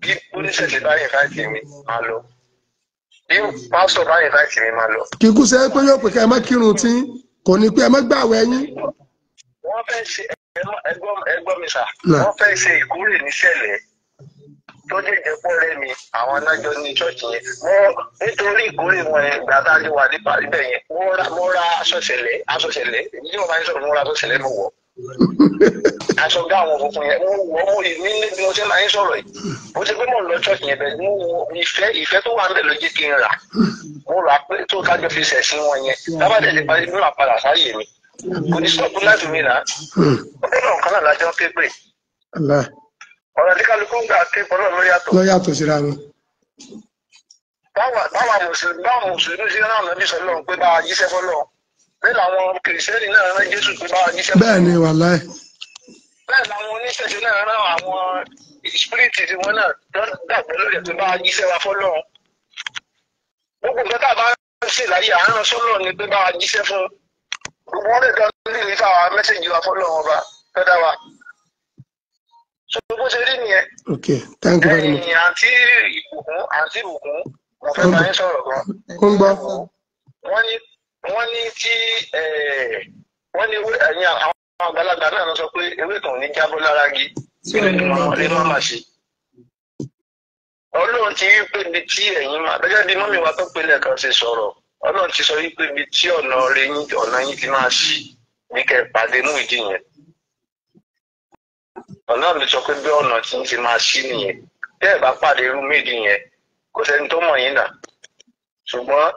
bí oníṣẹ̀ṣe bá yẹn fáìtì mi máa lọ bí pásítọ̀ bá yẹn fáìtì mi máa lọ. kíkú sẹ́ pé yóò pè ká ẹ má kírun tí kò ní pé ẹ má gbààwẹ̀ yín. wọ́n fẹ́ ṣe ẹgbọ́n mi sà wọ́n fẹ́ ṣe ìkórè níṣẹ̀lẹ̀ tó dẹ̀jẹ̀ pọ̀ rẹ̀ mi àwọn anájọ ní ṣọ́ọ̀ṣì yẹn mo nítorí ìkórè wọn yẹn ìgbà tá a ti wà ní parí bẹ̀ yẹn mo ra aṣọ ṣẹlẹ̀ aṣọ ṣẹlẹ̀ ní wọn bá ń sọ̀rọ̀ mo ra aṣọ ṣẹlẹ̀ mo wọ̀ aṣọ gá àwọn funfun yẹn mo wọ̀ mo ní níbi mo ṣe máa ń sọ̀rọ̀ yìí mo ṣe pé mo lọ ṣọ́ọ̀ṣì yẹn bẹ́ẹ̀ mo wọ ìfẹ́ ìfẹ́ tó wà níbẹ̀ ló jẹ́ kí n rà mo rà pé tó kájọ fi ṣẹ̀sìn wọn yẹn lábàdẹ̀ ti parí nínú àpàlà sáyè mi kò ní sọ́ọ̀bù láti mi rà ó bẹ́ẹ̀ náà kan náà lájọ́ pépè ọ̀nà tí kálukú ń gbà ké pọ̀ náà ló yàtọ̀. ló yàtọ̀ síra wọn. báwa mùsùlùmí báwa mùsùlùmí sí náà nàbí sọlọ pé bá a jíṣẹ́ fọlọ bẹ́ẹ̀ làwọn kìrìsìtẹ́nì náà rán jésù pé bá a jíṣẹ́ fọlọ. bẹ́ẹ̀ ni wàláì. bẹ́ẹ̀ làwọn oníṣẹ̀ṣe náà rán àwọn spiriti tí wọ́n náà dàgbẹ́ lórí ẹ̀ pé bá a jíṣẹ́ wa fọlọ. gbogbo nǹkan tá a bá ń ṣe láyé àárọ̀ sọlọ ni pé bá a jíṣẹ́ fún gbogbo wọn lè dán ṣùgbọ́n seri ni nìyẹn. ok thank you very much. ẹ̀yin àǹtí ìbùkún àǹtí ìbùkún mo wọ́n ní wọ́n ní wọ́n ní ẹ̀yin àwọn àgbàlagbà náà lọ sọ pé ewé kan ní jábọ́ lára gi kí tí ẹ̀yin máa mọ́mí wa tó ṣe sọ wípé ibi tí ọ̀nà rẹ̀ ọ̀nà yín ti máa ní pàdé ọ̀nà ló sọ pé bí ọ̀nà tí ń ti máa ṣí nìyẹn tẹ́ ẹ̀ bá pàdé irú méjì yẹn kò sẹ́ni tó mọ̀ yín nà ṣùgbọ́n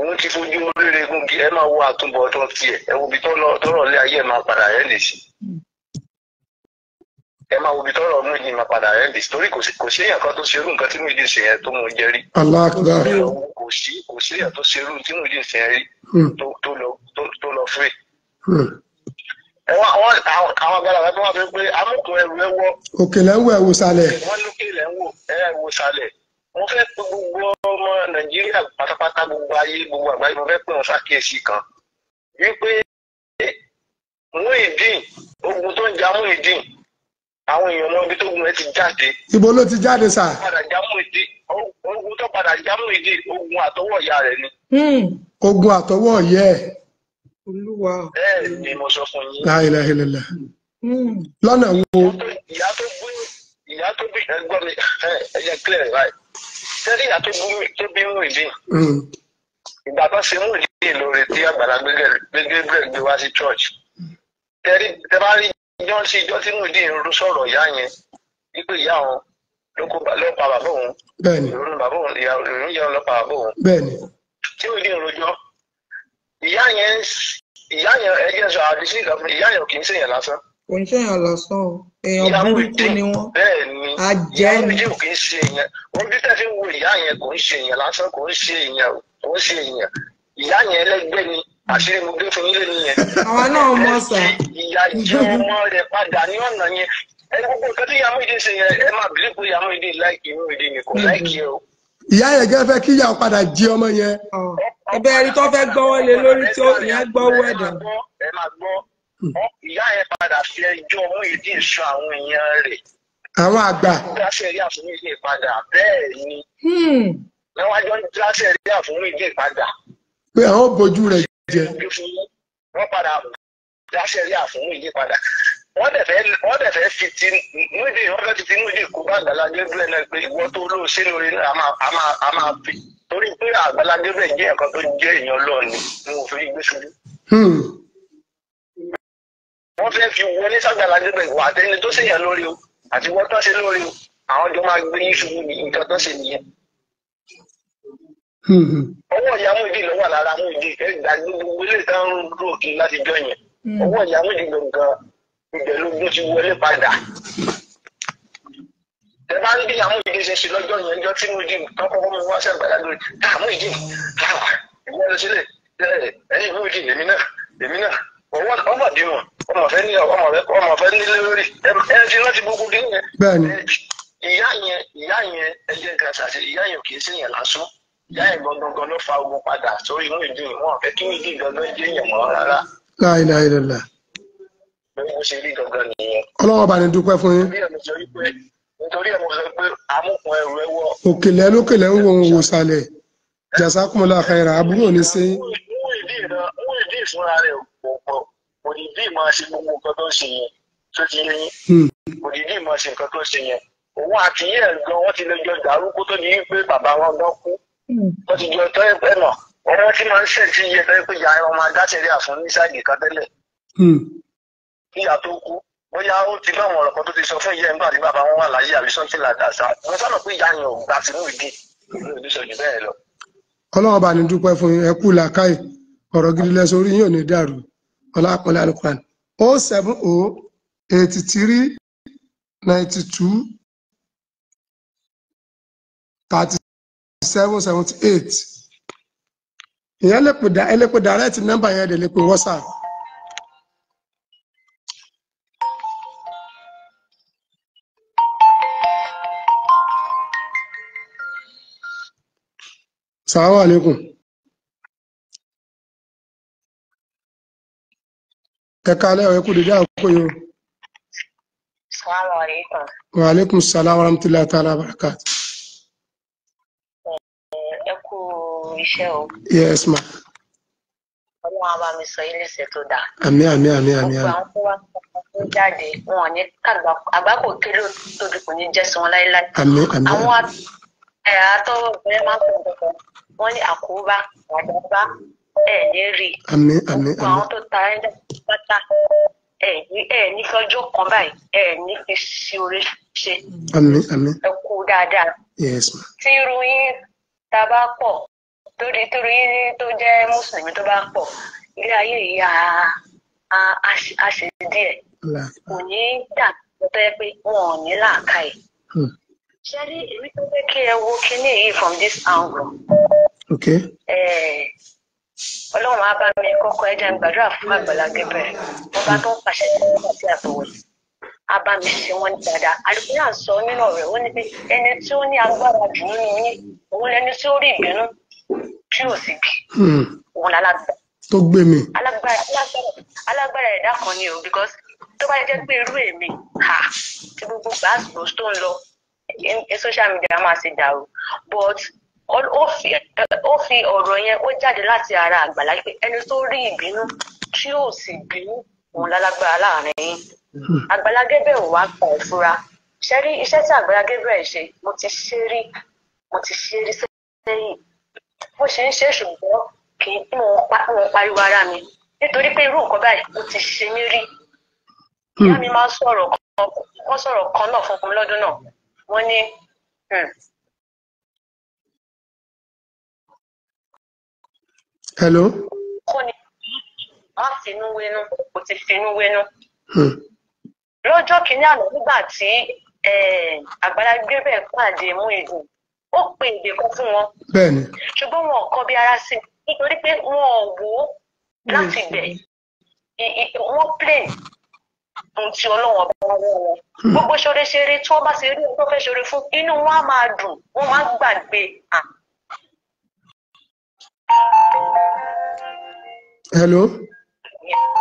òun ti fojú oríire gungi ẹ máa wo àtúbọ̀ tó ń tiẹ̀ ẹ wo ibi tọ́rọ̀ lé ayé ẹ máa padà ẹ lè sí ẹ máa wo ibi tọ́rọ̀ mú yìí máa padà ẹ lè sí torí kò sí èèyàn kan tó ṣerú nǹkan tí mùdí ṣe yẹn tó mú jẹ rí kò sí èèyàn tó ṣerú tí mùdí ṣe yẹn rí hmm. tó lọ fún àwọn àgbàlagbà tó wà pé pé amúkùn ẹrù ẹ wọ. òkè lẹ́wọ̀ ẹ̀ wò sálẹ̀. wọ́n lókè lẹ́wọ̀ ẹ̀ wò sálẹ̀. mo fẹ́ pé gbogbo ọmọ nàìjíríà pátápátá gbogbo ayé gbogbo àgbáyé mo fẹ́ pé wọ́n ṣàkíyèsí kan. wípé Muyideen ogun tó ń ja Muyideen àwọn èèyàn mọ ibi tó gun ẹ ti jáde. ibo ló ti jáde sà. ogun tó padà já Muyideen ogun àtọwọ́ ìyá rẹ̀ ni. Hmm. ogun àtọwọ́ ìyá ẹ̀ olúwa bẹ́ẹ̀ ni mo sọ fún yín. láì láì lẹ́lẹ̀. lọ́nà wo. ìyá tó gbé ìyá tó bí ẹgbọ́n mi ẹ jẹ́ clear right sẹ́ni ìyá tó bí mú ìdí. Hmm. ìgbà tó ṣe mú ìdí lórí tí àgbàlá gbégbé gbé wá sí church. tẹ́rí tẹ́ bá rí ijọ́ sí ijọ́ tí mú ìdí ìrú sọ̀rọ̀ ìyá yẹn wípé ìyá wọn ló kó ló pa bàbá òun. bẹ́ẹ̀ni ìrònú bàbá òun ìrònú yẹn ló bàbá òun. bẹ́ẹ̀ni tí mú ìdí ìròjọ́ ìyá yẹn ìyá yẹn ẹ jẹ́ sọ àdìsí ìgbàgbọ́ ìyá yẹn kì í ṣèyàn lásán. kò ń ṣèyàn lásán o èèyàn burúkú ni wọn àjẹ́ ni. ìyá kì í ṣe èèyàn wọn bí tẹ́ fi wo ìyá yẹn kò ń ṣe èèyàn lásán kò ń ṣe èèyàn kò ń ṣe èèyàn ìyá yẹn ẹlẹ́gbẹ́ ni àṣírí mo gbé fún yín nìyẹn. àwa náà mọ̀ sà. ìyá jẹ́ ọmọ rẹ̀ padà ní ọ̀nà yẹn ẹ gbogbo nǹkan tí Ìyá Múìdí ṣe yẹn ẹ máa bìlíkù Ìyá Múìdí láìkì Múìdí ni kò láìkì ẹ o ìyá yẹn gẹ́ fẹ́ kí ìyàwó padà jí ọmọ yẹn. ẹ̀bẹ̀ ẹni tó fẹ́ gbọ́wọ́ lé lórí tí ìyá gbọ́wọ́ ẹ̀dá. ẹ máa gbọ́ ìyá yẹn padà fi ẹjọ́ ohun ìdí ìṣọ àwọn èèyàn rẹ̀. àwọn àgbà. dáṣẹ àfúnmí ìdí ìpadà bẹ́ẹ̀ ni. lọ́wọ́ hmm. àjọ dáṣẹ rí àfúnmí ìdí ìpadà. pé àwọn bójú rẹ̀ jẹ. wọ́n padà dáṣẹ àfúnmí ìdí ìpadà wọ́n dẹ̀ fẹ́ wọ́n dẹ̀ fẹ́ fi ti níbi wọ́n fẹ́ fi ti níbi kó bá Àgbàlá Gabriel náà pé ìwọ tó lóò ṣé lórí náà a máa a máa a máa fi torí pé Àgbàlá Gabriel jẹ́ nǹkan tó jẹ́ èèyàn lọ́ọ̀ni ni mo fi gbé ṣubú. Hmm. wọ́n fẹ́ fi wọlé s'Àgbàlá Gabriel wà àtẹni tó ṣèyàn lórí o àti wọ́n tó ṣe lórí o àwọn jọ máa gbé yín ṣubú ní nǹkan tó ṣe nìyẹn. Hmm, hmm. ọwọ́ ìyá mú ìdí lọ́wọ́ lára mú ìdí ìgbà gbogbo ilé ìtàn rúdú òkè láti jọ yẹn ọwọ́ ìyá mú ibẹ̀ ló gbé ti wọlé padà. ẹ bá rí bí àwọn ìdí ṣe ṣe lọ́jọ́ yẹn lọ́jọ́ tí mo dì kọ́kọ́ mo wá sẹ́gbàdá lórí táàmù ìdí táwà ìwọ lọ sílẹ̀ ẹ̀yìn ìwú ìdí èmi náà èmi náà ọwọ́ ọmọ dì wọn ọmọ fẹ́ ní ọmọ fẹ́ ọmọ fẹ́ nílé lórí ẹ ti rántí gbogbo dín yẹn. bẹ́ẹ̀ni. ìyá yẹn ìyá yẹn ẹ jẹ́ nǹkan ṣàṣe ìyá yẹn kì í sí yẹn lásán ìyá yẹn gangan ló fa ogun padà sórí inú ìdí wọn fẹ́ kí ìdí gangan jẹ́ yẹn mọ́ rárá. láìláìlá bó ṣe rí gangan nìyẹn. ọlọ́wọ́ bá ní dúpẹ́ fún yín. nítorí ẹ̀ mo sọ pé amúkun ẹrù ẹ wọ. òkèlè lókèlè ń wo òun wò sálẹ̀ jazakumula khaira àbúrò ní sí. mú ìdí ìná mú ìdí ìfúnra rẹ̀ pọ̀ kò ní bí máa ṣe gbogbo nǹkan tó ń ṣe yẹn tó ti yẹn kò ní bí máa ṣe nǹkan tó ń ṣe yẹn òun àti yẹ gan wọn ti lè jọ dàrú kó tó ní í pé bàbá wọn gan kú hmm. wọn ti jọ tọ́ ẹgbẹ́ náà ọwọ́ tí máa ń ṣẹ̀ sí iye tó yẹ pé ìyá ọmọ adásẹ̀rí àfún ní sáàgì kan tẹ́lẹ̀ hmm kí ìyá bóyá ó ti lọ́wọ́ ọ̀rọ̀ kan tó ti sọ fún ìyá ẹ̀ńgbà tí bàbá wọn wà láyé àbí sọ́ńtì mo sábà pé ìyá yẹn ò gbà sínú ìdí ìlú ìsọjú bẹ́ẹ̀ lọ. ọlọ́run bá ní dúpẹ́ fún ẹ kú làákàyè ọ̀rọ̀ gidi lẹ́sọ orí yóò ní dàrú ọlápọ̀lẹ́ alukuran o oh seven o oh eighty three ninety two thirty seven seventy eight ìyẹn lè pè direct number yẹn lè pè WhatsApp. Assalamu alaikum. Ẹ kálẹ́ o, ẹ kú dédé àkókò yìí o. Assalamu alaikum. Wa alaikum salam wa rahmatullahi ta'ala wa barakatuh. Ẹ kú iṣẹ́ o. Yes ma. Ọlọ́run á bá mi sọ ilé ìṣẹ́ tó dáa. Àmín àmín àmín àmín. Gbogbo àwọn tó jáde wọn ò ní àgbákò kéré òtútù kò ní jẹ́ sí wọn láéláé. Àmín àmín. Àwọn àtọwọ́ ìgbẹ́ máa ń pọ̀ wọ́n ní àkóbá àdábá ẹ̀ ní rí i gbogbo àwọn tó ta ẹ̀ pátá ẹ̀ ní ẹ̀ ní fọjọ́ kan báyìí ẹ̀ ní fi sí orí ṣe ẹ kú dáadáa tí irú yín ta bá pọ̀ torí torí yín tó jẹ́ mùsùlùmí tó bá pọ̀ ilé ayé yìí a ṣe díẹ̀ kò ní dà tó yẹ pé wọn ò ní làákàyè. Hmm. ṣé rí èmi tó fẹ́ kí ẹ wo kinní yìí from this angle. Eh, ọlọ́run á bá mi kọ́kọ́ ẹ̀jẹ̀ ń gbàdúrà fún Àgbàlá Gabriel ọba tó ń pàṣẹ sí àti àbọ̀wẹ̀ á bá dáadáa àdìgbò náà sọ nínú rẹ̀ ó ní bí ẹni tí ó ní agbára jù nínú yín òun lẹni tí ó rí ìbínú tí ò sì bì hmm. òun lálágbára tó gbé mi. alágbára ẹ̀dá kan ni o because tó bá jẹ́ pé irú èmi tí gbogbo gbàgbọ́ tó ń lọ social media máa ṣe dàrú but ó fi uh, ọ̀rọ̀ yẹn ó jáde láti ara Àgbàlá pé ẹni tó rí ìbínú tí ó sì bínú òun lálágbára láàrin yín hmm. Àgbàlá Gabriel ò wá pa ìfura ṣe rí iṣẹ́ tí Àgbàlá Gabriel ṣe mo ti ṣe rí mo ti ṣe rí sẹ́yìn bó ṣe ń ṣe ṣùgbọ́n kì í mú wọn pariwo ara mi nítorí pé irú nǹkan báyìí mo ti ṣe mí rí ìyá mi hmm. máa sọ̀rọ̀ kan náà fún mi lọ́dún náà wọ́n ní hmm, hello. Hmm. lọ́jọ́ kìíní àná nígbà tí Àgbàlá Gabriel pàdé mú ìlú ó pe èdè kan fún wọn. bẹ́ẹ̀ni. ṣùgbọ́n wọn kọ bí ara sí nítorí pé wọn ò wò láti gbẹ̀ hmm. wọ́n play ohun tí ọlọ́wọ́n bá wọ́n wọn. Hmm. gbogbo ṣoreṣere tí wọ́n bá ṣe rí ohun tó fẹ́ ṣore fún inú wọn á máa dùn wọ́n máa gbàgbé àná. Ah hello.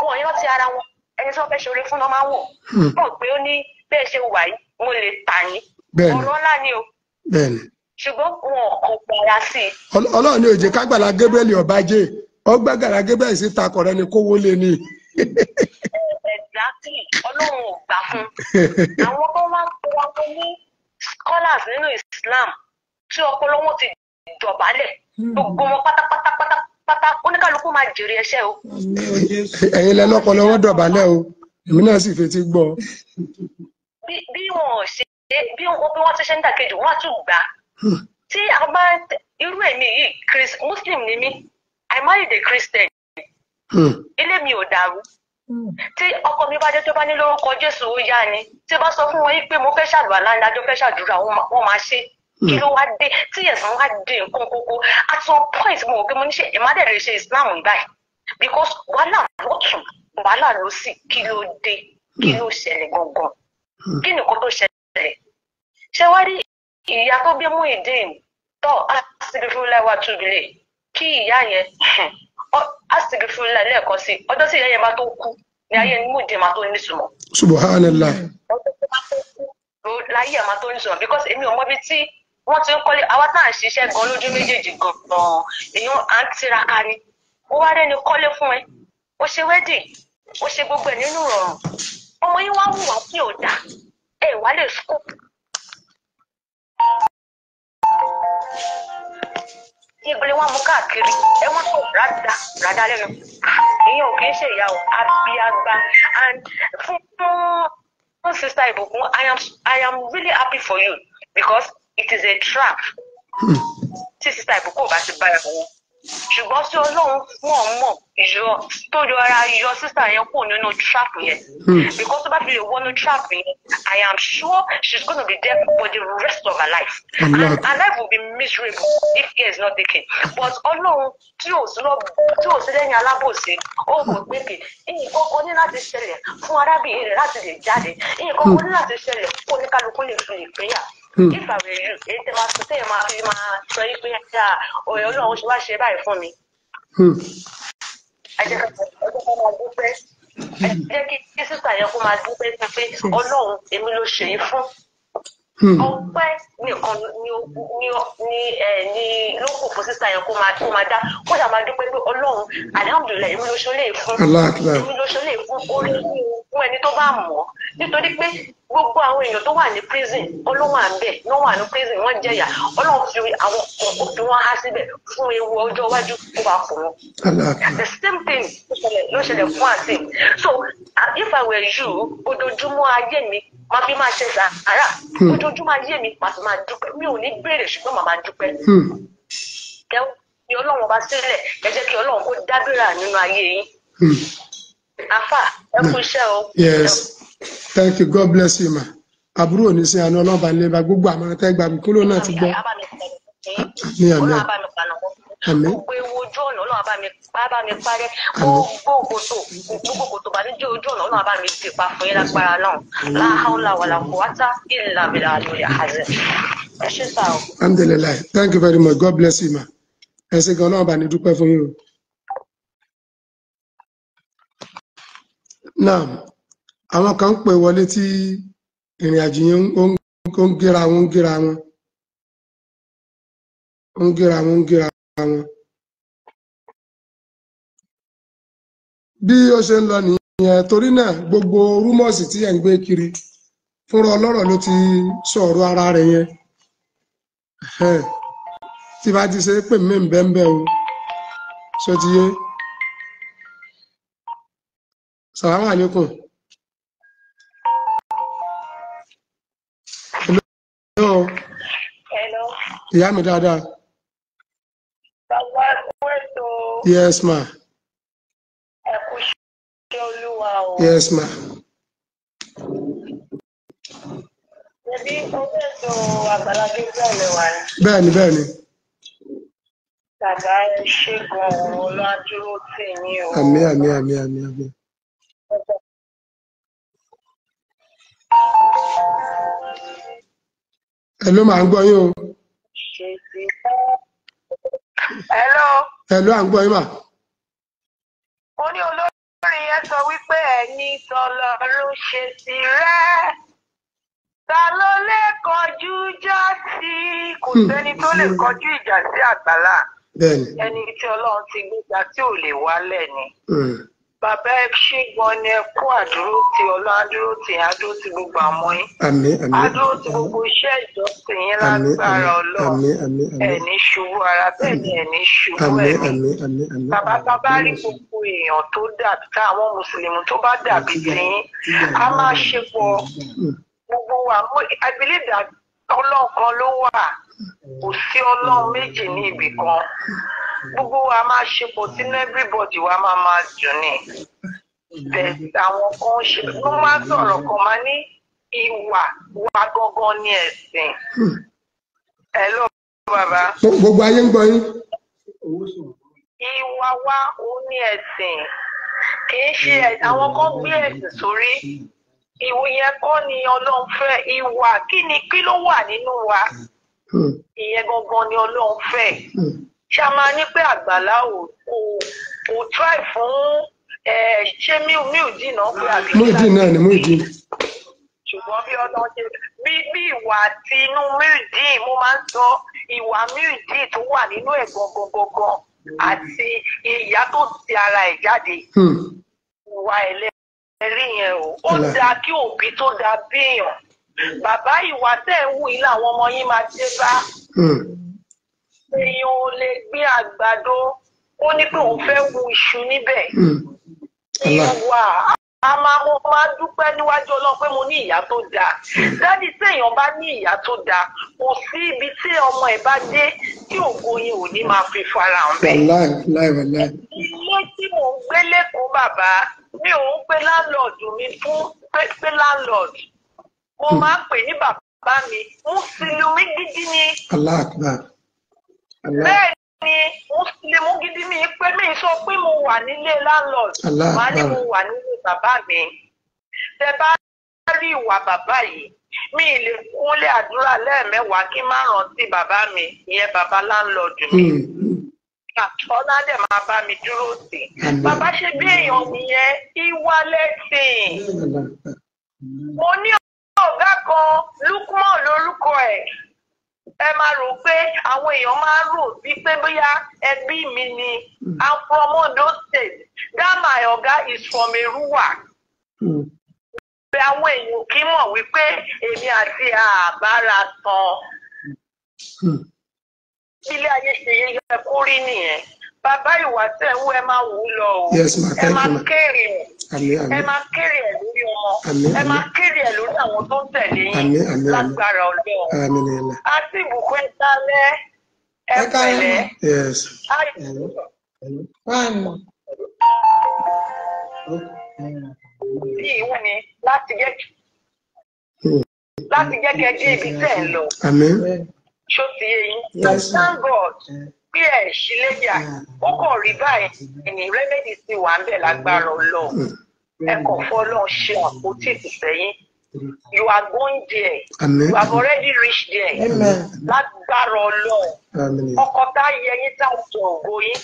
wọn yóò ti ara wọn ẹni tó fẹ́ ṣoore fún ọmọ wò hmm. mọ̀ pé ó ní bẹ́ẹ̀ ṣe wà yìí mo lè tà yín ọ̀rọ̀ ńlá ni o ṣùgbọ́n wọn kò gbára sí i. ọlọ́run ni ó jẹ́ kágbàlá Gabriel ọba jẹ́ ó gbàgàrà Gabriel síta kọ̀rẹ́ ni kówó lé ní. exactly ọlọ́run ò gbà fún àwọn tó wá wá ní scholars nínú Islam tí ọpọlọ wọn ti dọ̀bálẹ̀ gbogbo wọn pátápátápátá oníkàlùkù máa jèrè ẹ̀ṣẹ̀ o. ẹ̀yin lẹ lọ́pọlọ wọn dọ̀bálẹ̀ o èmi náà sì fetí gbọ́. bí wọn ṣe bí wọn ti ṣe ń dàkejì wọn á tún gbà á hmm. tí a bá irú èmi yìí muslim ni mí i married a christian hmm. ilé mi ò dàrú hmm. tí ọkọ mi bá dé tó bá ní lórúkọ jésù ó yá ni tí bá sọ fún wọn yìí pé mo fẹ́ ṣàlùwàlá ni adó fẹ́ ṣàdúrà wọn máa ṣe é kí ló wá dé tí ẹ̀sán wá dé nǹkan at some point mo rò pé mo ní ṣe ẹ̀ má Islam báyìí because wàhálà ló tún wàhálà ló sì kí ló dé kí ló ṣẹlẹ̀ gangan kí nìkan tó ṣẹlẹ̀ ṣé wá rí ìyá tó bí Muyideen tó àṣìbífúnlá wa túbílẹ̀ kí ìyá yẹn àṣìbífúnlá lẹ́ẹ̀kan sí ọjọ́ tí ìyá yẹn bá tó kú ni ayé Muyideen máa tó nísùmọ̀. subhanallah. ọjọ́ tí wọ́n bá tó kú láyé àmà tó nísùmọ̀ because èmi ò mọ tí wọ́n ti ń kọ́lé àwa tá à ń ṣiṣẹ́ gan lójú méjèèjì gan-an èèyàn à ń tiraka ni ó wá rẹ́ni kọ́lé fún ẹ ó ṣe wedding ó ṣe gbogbo ẹ̀ nínú ìrọ̀rùn ọmọ yín wá wùwà tí ò dáa ẹ wá lè scoop. ìgbélé wọn mú káàkiri ẹ wọn tó rádá rádá lẹ́nu ìyẹn ò kì í ṣe ìyàwó abiagba and fún fún sista ìbùkún I am I am really happy for you because it is a trap hmm. tí sísá ìbùkún bá ti bá ẹ̀ wọ́n ṣùgbọ́n tí ọlọ́run mọ̀ mọ̀ yọ tó yọra yọ sísá yẹn kúrò nínú trap yẹn hmm. because tó bá fi lè wọnú trap yẹn I am sure she's gonna be there for the rest of her life and her life will be miserable if care is not taken but ọlọ́run tí ò sí lọ tí ò sí lẹ́yìn alábòsí ó kò gbèbè nǹkan kan ní láti ṣẹlẹ̀ fún arábìnrin rẹ̀ láti lè jáde nǹkan kan ní láti ṣẹlẹ̀ fún oníkálukú lè fi lè pínyà nípa rẹ̀ èyí tẹ́ máa sọ tẹ́ máa fi máa sọ yí pé ẹ̀ka ọ̀rẹ́ ọlọ́run ṣe wá ṣe báyìí fún mi. ẹ jẹ́ ká máa dúpẹ́ ẹ jẹ́ kí sísà yẹn kó máa dúpẹ́ sí pé ọlọ́run èmi ló ṣe é fún. ọpẹ́ nìkan ni ló kù fún sísà yẹn kó máa dá kó dà máa dúpẹ́ pé ọlọ́run alihamudulilayi èmi ló ṣe lè fún èmi ló ṣe lè fún orí fún ẹni tó bá mọ̀ nítorí pé gbogbo àwọn èèyàn tó wà ní prison ọlọ́wà ń bẹ̀ ló wà ní prison wọ́n jẹ̀yà ọlọ́run fi àwọn kan fi wọ́n há síbẹ̀ fún ewu ọjọ́ iwájú tó bá fún wọn. the same thing ló ṣẹlẹ̀ fún àti so uh, if I were you ojoojúmọ́ ayé mi máa fi máa ṣe sàárà hmm. ojoojúmọ́ ayé mi màá fi máa dúpẹ́ mi ò ní béèrè ṣùgbọ́n màá máa dúpẹ́ fi hmm. ọlọ́run ọba sílẹ̀ ẹ jẹ́ kí ọlọ́run kó dábìrà nínú ayé yín. afa hmm. ẹ kú iṣẹ́ o. yes thank you god bless you ma àbúrò ní sin àná ọlọ́ba ní ibà gbogbo àmọ́ràn tẹ́ gbàgbé mi ló náà ti gbọ́. àmì àmì àmì gbogbo ewu ojú ọ̀nà ọlọ́run bá mi bá mi parẹ́ gbogbo kòtò gbogbo kòtò bá ní jẹ́ ojú ọ̀nà ọlọ́run bá ti pa fún yín lágbára náà láhàúlà wàlà kò wáta ìlà bìlà àlùyà àzẹ. ẹ ṣe sá o. alhamdulilayi thank you very much god bless you ma ẹ ṣe gan ọlọ́run bá ní dúpẹ́ fún yín o. naam àwọn kan ń pè wọlé tí ìrìn àjò yẹn ó ń gíra wọn ń gíra wọn ó ń gíra wọn ń gíra bí ó ṣe ń lọ nìyẹn torí náà gbogbo rúmọ̀sì tí ẹ̀ kiri fúnra ọlọ́rọ̀ ló ti sọ̀rọ̀ ara rẹ̀ yẹn tí bá ti ṣe pè mí bẹ́ẹ̀ o ti yé. ìyá mi dáadáa. bàbá ẹkú ètò. yes ma. ẹkú ṣe olúwa o. yes ma. ẹbí owó ètò Àgbàlá Gabriel lẹ́wà ni. bẹ́ẹ̀ni bẹ́ẹ̀ni. bàbá ẹ ṣe gan-an ọlọ́dúró tì yín o. àmín àmín àmín àmín àmín. Hello, màá ń gbọ́ yín o hello. hello à ń gbọ́ yín mà. mo ní olórin yẹn sọ wípé ẹ̀yin tọ́lọ́run ṣe sí rẹ̀ ta ló lè kọjú já sí kò hmm. sẹ́ni tó lè kọjú ìjà sí àgbàlá ẹni tí ọlọ́run ti gbéjà tí ò lè wálẹ̀ ni. Hmm bàbá ẹ ṣé gan ni ẹ kú àdúró ti ọlọ àdúró ti àdúró ti gbogbo àmọ yín àdúró ti gbogbo iṣẹ́ ìjọsìn yín lágbára Ọlọ́run ẹni ṣubú ara bẹ́ẹ̀ ni ẹni ṣubú ẹni bàbá bàbá rí gbogbo èèyàn tó dàbí tá àwọn mùsùlùmí tó bá dàbí tiyín a máa ṣe pọ̀ gbogbo wa mo I believe that ló wà kò sí Ọlọ́run méjì ní ibì kan gbogbo wa máa ṣe pọ̀ sínú everybody wa máa máa dùn ní àwọn kan ṣe ló máa sọ̀rọ̀ kan máa ní ìwà wa gangan ní ẹ̀sìn. ẹ bàbá. gbogbo ayé ń gbọ́ yín. ìwà wa ò ní ẹ̀sìn kì ṣe àwọn kan gbé ẹ̀sìn sórí ìwò yẹn kọ́ ni ọlọ́run fẹ́ ìwà kí ni kí ló wà nínú wa hmm. ìyẹn gangan ni ọlọ́run fẹ́. Hmm ṣá máa ní pé àgbàlá ò kò kò try fún ṣé Muideen náà pé àbí. Muideen náà ni Muideen. ṣùgbọ́n bí ọlọ́run ṣe bí bí ìwà àti inú Muideen mo máa ń sọ ìwà Muideen tó wà nínú ẹ̀ gangan gangan àti ìyá tó ti ara ẹ̀ jáde. Hmm. ìwà ẹlẹ́rìí yẹn o ó da kí òbí tó dáa béèyàn bàbá ìwà tẹ̀ ń wù yín làwọn ọmọ yín máa dé bá. Hmm èèyàn ò lè gbé àgbàdo ó ní pé òun fẹ́ wu iṣu níbẹ̀ ìwà hmm. a mo máa dúpẹ́ níwájú ọlọ́run pé mo ní ìyá tó dáa hmm. dádì téèyàn bá ní ìyá tó dáa kò sí ibi tí ọmọ ẹ̀ bá dé tí ògo yẹn ò ní máa fi farahàn bẹ́ẹ̀. ilé tí mò ń gbé lẹ́kọ̀ọ́ bàbá mi ò ń pe láńlọ́ọ̀dù mi fún pé láńlọ́ọ̀dù mo hmm. máa ń pè ní bàbá mi mùsùlùmí gidi ni bẹ́ẹ̀ ni mùsùlùmù gidi mi pé mi sọ pé mo wà nílé landlord wà ní mo wà nílé bàbá mi tẹ bá rí ìwà bàbá yìí mi lè kúnlé àdúrà lẹ́ẹ̀mẹ́wàá kí n má rántí bàbá mi ìyẹn bàbá landlord mi hmm. ọlá dẹ̀ máa bá mi dúró sí i bàbá ṣe bí èèyàn nìyẹn ìwà lẹ́sìn mo ní ọ̀gá kan Lukman lórúkọ ẹ̀ ẹ máa rò pé àwọn èèyàn máa ń rò bíi pé bóyá ẹbí mi ni hmm. i'm from Ondo state that my oga is from Eruwa. Hmm. pé àwọn èèyàn kì í mọ̀ wípé èmi àti àbára tán hmm. ilé ayé ṣe yẹ yẹ kó rí nìyẹn bàbá ìwà tẹ̀ ń wú ẹ máa wù ú lọ o ẹ máa kéré ẹ máa kéré ẹ̀ lórí ọmọ ẹ máa kéré ẹ̀ lórí àwọn tó ń tẹ̀lé yín lágbára ọlọ́run àti ìbùkún ẹ dálẹ́ ẹ pẹ̀lẹ́ àìsàn bí ìwú ni láti jẹ́ láti jẹ́ kẹ́ dé ibi tẹ́ ẹ lọ ṣó ti yé yín thank God. Yeah gbé ẹ̀ síléyà ó kàn rí báyìí ẹni rẹ́mẹ́dì sì wà ń bẹ̀ lágbára ọlọ́run ẹ kàn fọlọ́run ṣe àpótí ìsẹ́yìn you are going there Amen. you have already reached there lágbára ọlọ́run ọkọ̀ tá yẹ yín tá òtún ògo yín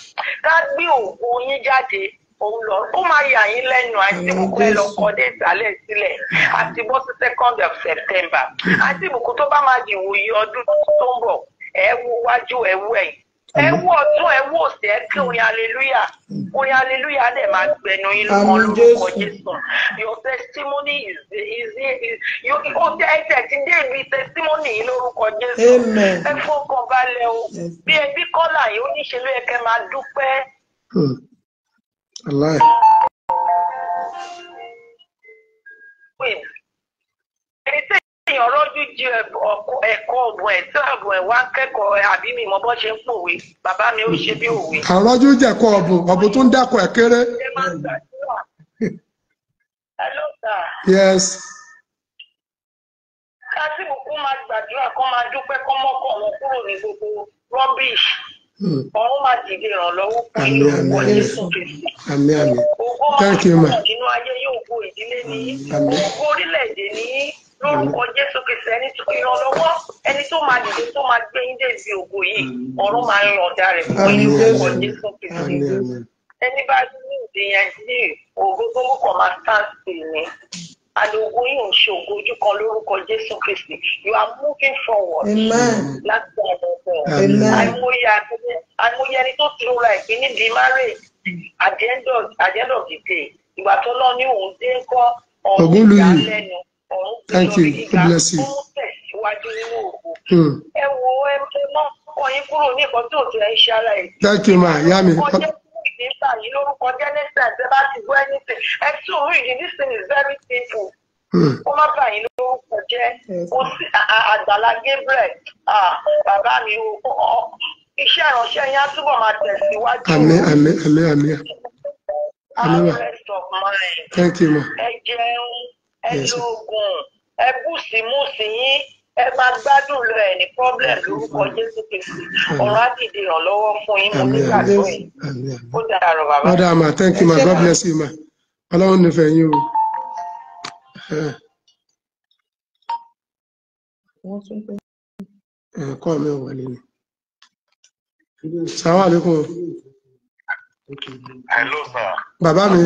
ká gbé ògo yín jáde òun lọ kó máa yà yín lẹ́nu àti ìbùkún ẹ lọ́kọ dé ìsàlẹ̀ sílẹ̀ àti bọ́ sí second of September àti ìbùkún tó bá máa dìwòye ọdún tó ń bọ̀ ẹ wo wájú ẹ wo ẹ̀yìn ẹ wú ọtún ẹ wú òsì ẹ kí orin aleluya orin aleluya dẹ máa gbẹnu yín lọmọ jésù your testimony is is ó tẹ ẹ tẹ ti dé ibi testimony yín lórúkọ jésù ẹ fọkàn balẹ̀ o bí ẹbí kọ́là yìí ó ní ṣe ló yẹ kẹ́ máa kéèyàn rọ́jú ẹ̀kọ́ ọ̀bùn ẹ̀ tí ẹ̀ wá kẹ́kọ̀ọ́ àbí mi mọ bọ́ ṣe ń pòwe bàbá mi ó ṣe bí òwe. àrọ́jú jẹ́ ẹ̀kọ́ ọ̀bùn ọ̀bùn tó ń dàkọ̀ ẹ̀ kéré. hello sir. yes. kásìmù kó máa gbàdúrà kó máa dúpẹ́ kó mọ́kọ̀ wọn kúrò ní gbogbo rubbish hmm. ọ̀run máa dìde ìrànlọ́wọ́ pé ìwọ ní ògo orílẹ̀-èdè ní lórúkọ jésù kristu ẹni tó ìrànlọ́wọ́ ẹni tó máa dìde tó máa gbé yín débi ògo yìí ọ̀run máa ń yọ̀ǹda rẹ̀ fún yín lórúkọ jésù kristu ẹni bá ní ìdíyẹn sí ògo tó máa tán sí ni àlògo yìí ń ṣe ògo kan lórúkọ jésù kristu you are moving forward láti ọ̀dọ̀ ọ̀dọ̀ àìmọye àìmọye ẹni tó ti rọra ìpín níbi marriage at the end of the day ìgbà tó lọ ní òun dé ń kọ́ ọ̀gbìn thank you God bless you. ẹ thank you ma hmm. yami. mi. nígbà yìí lórúkọ hmm. kó má bà yín lórúkọ jẹ́ kó sí àgbàlá Gabriel bàbá mi iṣẹ́ ìránṣẹ́ yẹn á túbọ̀ máa tẹ̀síwájú. àmín àmín àmín àmín. àmín ma thank you ma. ẹ jẹun ẹ lo oògùn ẹ bùsì mùsì yín ẹ máa gbádùn lọ ẹ ní problem lórúkọ Jésù Kristi ọ̀rọ̀ á dìde ìrànlọ́wọ́ fún yín mo nígbàgbọ́ yìí ó dára rọ bàbá. ọ̀dà àmà thank you ma God bless you ma ọlọ́run nífẹ̀ẹ́ yín o. ẹ̀kọ́ mi ò wọlé ni. sàwọn àlékún. hello sir. bàbá mi.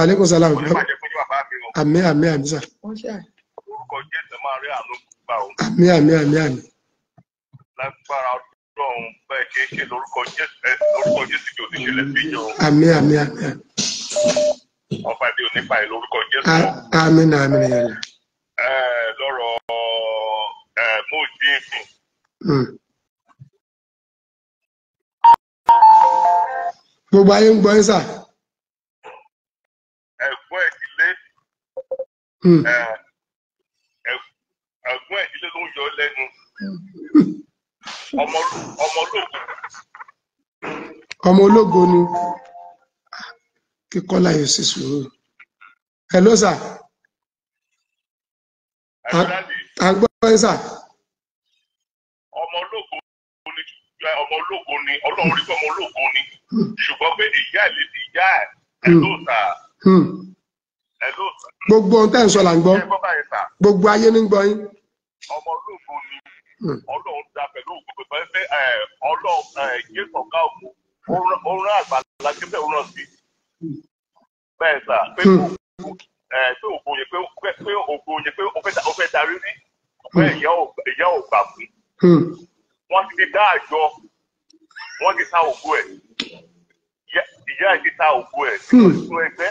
aleykum salaam bàbá mi o. àmín àmín àmín sà. orúkọ jésù máa rí àánú gbà o. àmín àmín àmín àmín. lágbára ọlọ́run bẹ́ẹ̀ ṣe é ṣe lórúkọ jésù kí o ti ṣẹlẹ̀ sí ìjọ. àmín àmín àmín. ọba ibi ò ní lórúkọ jésù. àmín náà àmín náà. ẹ lọ́rọ̀ ẹ mú ìdí hmm. gbogbo ayé ń gbọ́ yín sà. Mm. ẹ̀gbọ́n ìdílé ló ń yọ lẹ́nu ọmọ ológo. ọmọ ológo ni kíkọ́ láyé sí sùúrù. hello sir. a gbọ́ ẹ sà. ọmọ ológo ni ọmọ ológo ni ọlọ́run rí pé ọmọ ológo ni mm. ṣùgbọ́n pé ìyá ẹ̀ lè di ìyá ẹ̀ ẹ̀ mm. lóòótá gbogbo ohun tẹ́ ń sọ là ń gbọ́ gbogbo ayé ní gbọ́ yín. ọmọ olóògbé ni hmm. ọlọ́run da pẹ̀lú òkú pẹ̀lú ẹgbẹ́ ọlọ́run jésù ọ̀gá òkú ó rán àgbàlá kébẹ̀ ó rán sí bẹ́ẹ̀ sà pé hmm. òkú yẹ pé pé òkú yẹ pé ó fẹ́ darí rí pé hmm. ìyá ò gbà fún wọ́n ti dá àjọ wọ́n ti ta òkú ẹ̀ ìyá ti ta òkú ẹ̀ sí ìṣúná ẹgbẹ́.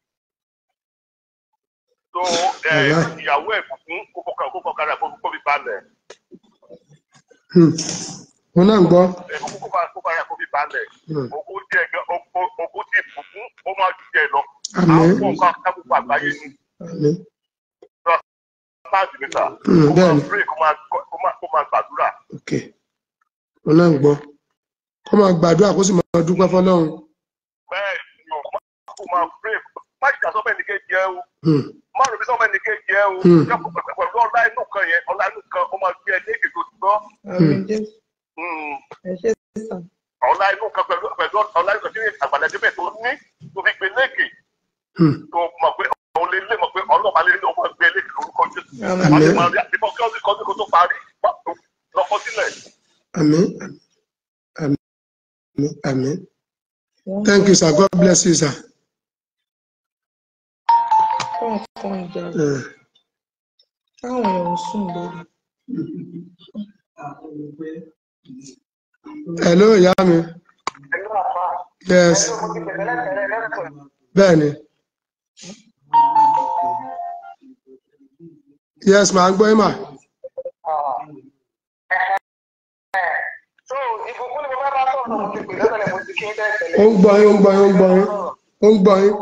tó eh, ìyàwó ẹ̀ kò fún kó fọkàrà kó fi balẹ̀. Hmm. mo náà ń gbọ́. kó fọkàrà kó fi balẹ̀ òkú hmm. tiẹ̀ gan òkú ti fún ó máa ju tiẹ̀ lọ. àwọn nǹkan akápòpọ̀ àgbáyé ni. mo náà ń gbọ́ kó máa gbàdúrà kó sì máa dúpẹ́ fọlọ́run. bẹ́ẹ̀ ni o kó máa pray má ṣìkà sọ́mọ́ ẹnì kejì ẹ o hmm. má ròbí sọ́mọ́ ẹnì kejì ẹ o hmm. pẹ̀lú ọlá inú kan yẹn ọlá inú kan ó máa gbé ẹ ní ètò ìgbọ́. ọlá inú kan pẹ̀lú ọlá inú kan tí àgbàlẹ́dẹ́bẹ̀ tó ní tó fi gbé léèkè hmm. tó mọ̀ pé òun lè lè mọ̀ pé ọlọ́pàá lè ní ọmọ ẹgbẹ́ léèkè lórúkọ Jésù. àmín àmín thank you sir god bless you sir nǹkan ìjà eh. táwọn èèyàn sùn lórí. hello ìyá mi. yes. bẹ́ẹ̀ni. yes màá ń gbọ́ ẹ̀ mà. ó ó ń gbọ́ yín ó ń gbọ́ yín ó ń gbọ́ yín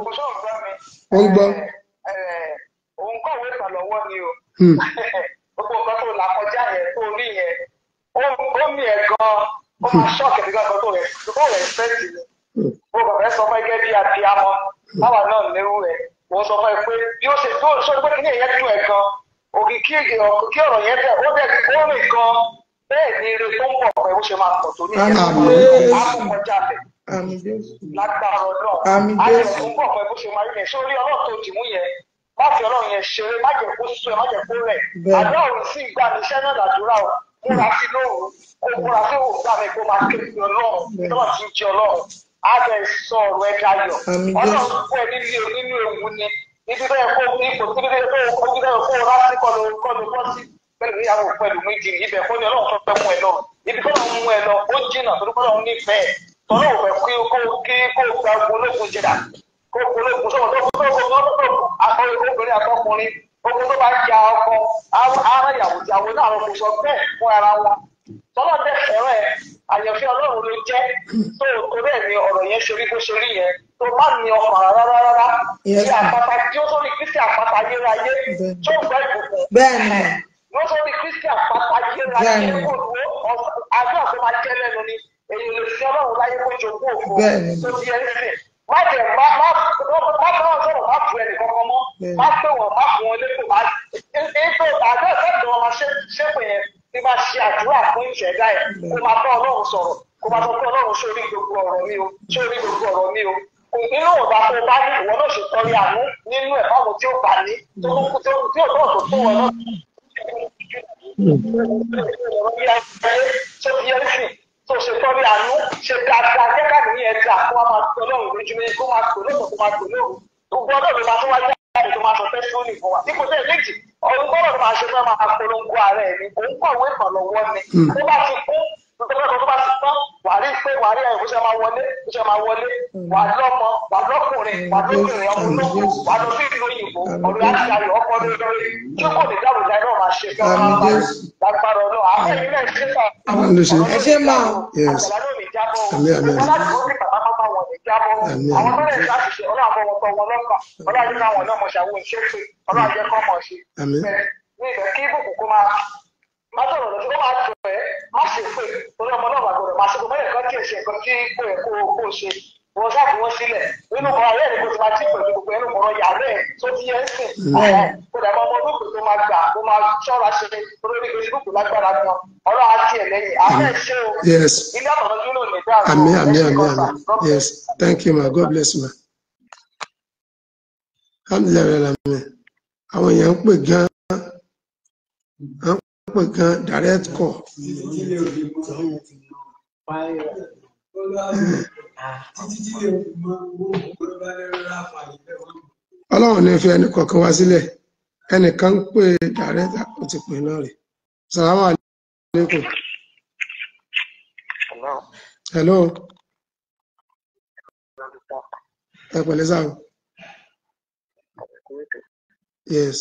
ó ń gbọ́ yín. Hmm. gbogbo nǹkan tó là kọjá yẹn tó rí yẹn ó ní ẹ gan ó máa ṣọ́ọ̀kì nígbà kan tó rẹ̀ tó rẹ̀ sẹ́ǹtì ni hmm. mo bàbá sọ fún ẹgẹ́ bí abiamọ hmm. báwa náà nírú rẹ̀ wọ́n sọ fún ẹ pé bí ó ṣe tó sọ pé kí èèyàn dùn ẹ gan òkè kí ọ̀rọ̀ yẹn bẹ̀ ó bẹ̀ ó rìn gan bẹ́ẹ̀ ni ire tó ń bọ̀ pẹ̀ ó ṣe máa pọ̀ tó ní ìyẹn lágbára ọ̀dọ́ á lè bọ̀ pẹ̀ ṣe máa rí yẹn sórí ọlọ́ọ̀tò dìmú yẹn má fi ọlọ́run yẹn ṣeré má jẹ́ kó sún ẹ má jẹ́ kó rẹ̀ àdúrà òun sì gbà ní iṣẹ́ náà làdúrà o múra sí lóru kó múra sí òun gbà mí kó máa ké sí ọlọ́run tó bá ti ń jẹ ọlọ́run á bẹ sọ ọ̀rọ̀ ẹ dayọ̀ ọlọ́run kó ẹ nílé nínú ewu ni ibi bẹ́ẹ̀ kó ipò tí bíbélì tó kó ibi bẹ́ẹ̀ kó rásì kọ́ni kọ́ni kọ́sì pẹ̀lú ìyàwó pẹ̀lú méjì ibẹ̀ kó ni ọlọ́run fẹ́ mú ẹ lọ ibi kó pológun sọ̀rọ̀ tó fún tó fún tó fún akọrin obìnrin àtọkùnrin ogun tó bá ja ọkọ ara ìyàwó tí àwọn náà kò sọ bẹ́ẹ̀ fún ara wọn tọ́lọ́ dẹ̀ fẹ́rẹ̀ àyànfẹ́ ọlọ́run ló jẹ́ tó tó bẹ́ẹ̀ ni ọ̀rọ̀ yẹn ṣe rí bó yẹn tó bá ní ọkàn rárá rárá sí àpáta tí ó sórí kristi àpáta ayérayé tó gbẹ ìbùkún ló sórí kristi àpáta ayérayé kò dúró àdúrà tó máa jẹ́ lẹ́nu ni èyí lè fi ọlọ́run láyé kó jogún òfò tó di ẹ́ sìn má jẹ má má má bá wọn sọ̀rọ̀ má tu ẹnì kankan mọ́ má pè wọ́n má fún wọn lẹ́kọ̀ọ́ má ètò àjọ ìfẹ́dùn ọmọ ṣépè yẹn bí má ṣe àdúrà fún ìṣẹ̀dá ẹ̀ kó má bá ọlọ́run sọ̀rọ̀ kó má sọ pé ọlọ́run sórí gbogbo ọ̀rọ̀ mi o sórí gbogbo ọ̀rọ̀ mi o nínú ọba tó bá ní ìwọ náà ṣe tọrí àánú nínú ẹ̀ báwo tí ju mi kó máa tò lóògùn kó máa tò lóògùn gbogbo ọdọ mi máa tún wáyé àgbàdo tó máa sọ tẹsílónì fún wa dípò sẹ́yìn méjì ọdún gbọ́dọ̀ tó máa ṣe fẹ́ máa polongo ààrẹ mi òun kọ̀wé kan lọ́wọ́ mi hmm. tó bá ti kú nítorí tó bá ti tán wà á rí pé wà á rí àyẹ̀wò ṣe máa wọlé ṣe máa wọlé hmm. wà á lọ́mọ wà á lọ́kùnrin wà á hmm. lọ́kùnrin ọmọ wà á lọ sí ọ̀rọ̀ láti ayọ̀ ọkọ àwọn tó lè ṣàṣìṣe ọlọ́run fọwọ́ tọ wọn lọ́kàn ọlọ́run nínú àwọn ọlọ́mọ ṣàwọ ìṣẹ́pẹ́ ọlọ́run jẹ́ kọ́ mọ̀ ṣe ní ìfẹ́ kí ìbùkún kó máa má sọ̀rọ̀ lọ́sí kó máa tún ẹ̀ má ṣe pé ọlọ́mọ náà bàgbọ́dọ̀ má ṣe kó mọ́lẹ̀ kan kí èsì nǹkan tí kò yẹ kó ṣe wọ́n ṣáàbù wọn sílẹ̀ nínú kan ọ̀rẹ́ ìdìbò tí wọ́n ti pẹ̀lú gbogbo ẹnu kọ̀ọ̀rọ̀ yà rẹ̀ tó ti yẹ ń sìn ọ̀hún kó ọmọ olóògbé tó máa gbà tó máa ṣọ́ra ṣe olórí facebook lágbára gan ọ̀rọ̀ àti ẹ̀lẹ́yìn àbẹ́ ṣe o ilé ọ̀nà júlò ní dáa. àmín àmín àmín àmín yes thank you ma god bless you ma. alhamdulilayi alami àwọn èèyàn ń gan ń pè gan direct call títí tí lè fi mọ owó òun bá lẹ́rọ láàfà ìfẹ́ wọn. ọlọ́run ní fi ẹnì kọ̀ọ̀kan wá sílẹ̀ ẹnìkan ń pè dàrẹ́tà ó ti pè náà rè sàlámà aleykum. hello. ẹ pẹ̀lẹ́ sáà. yes.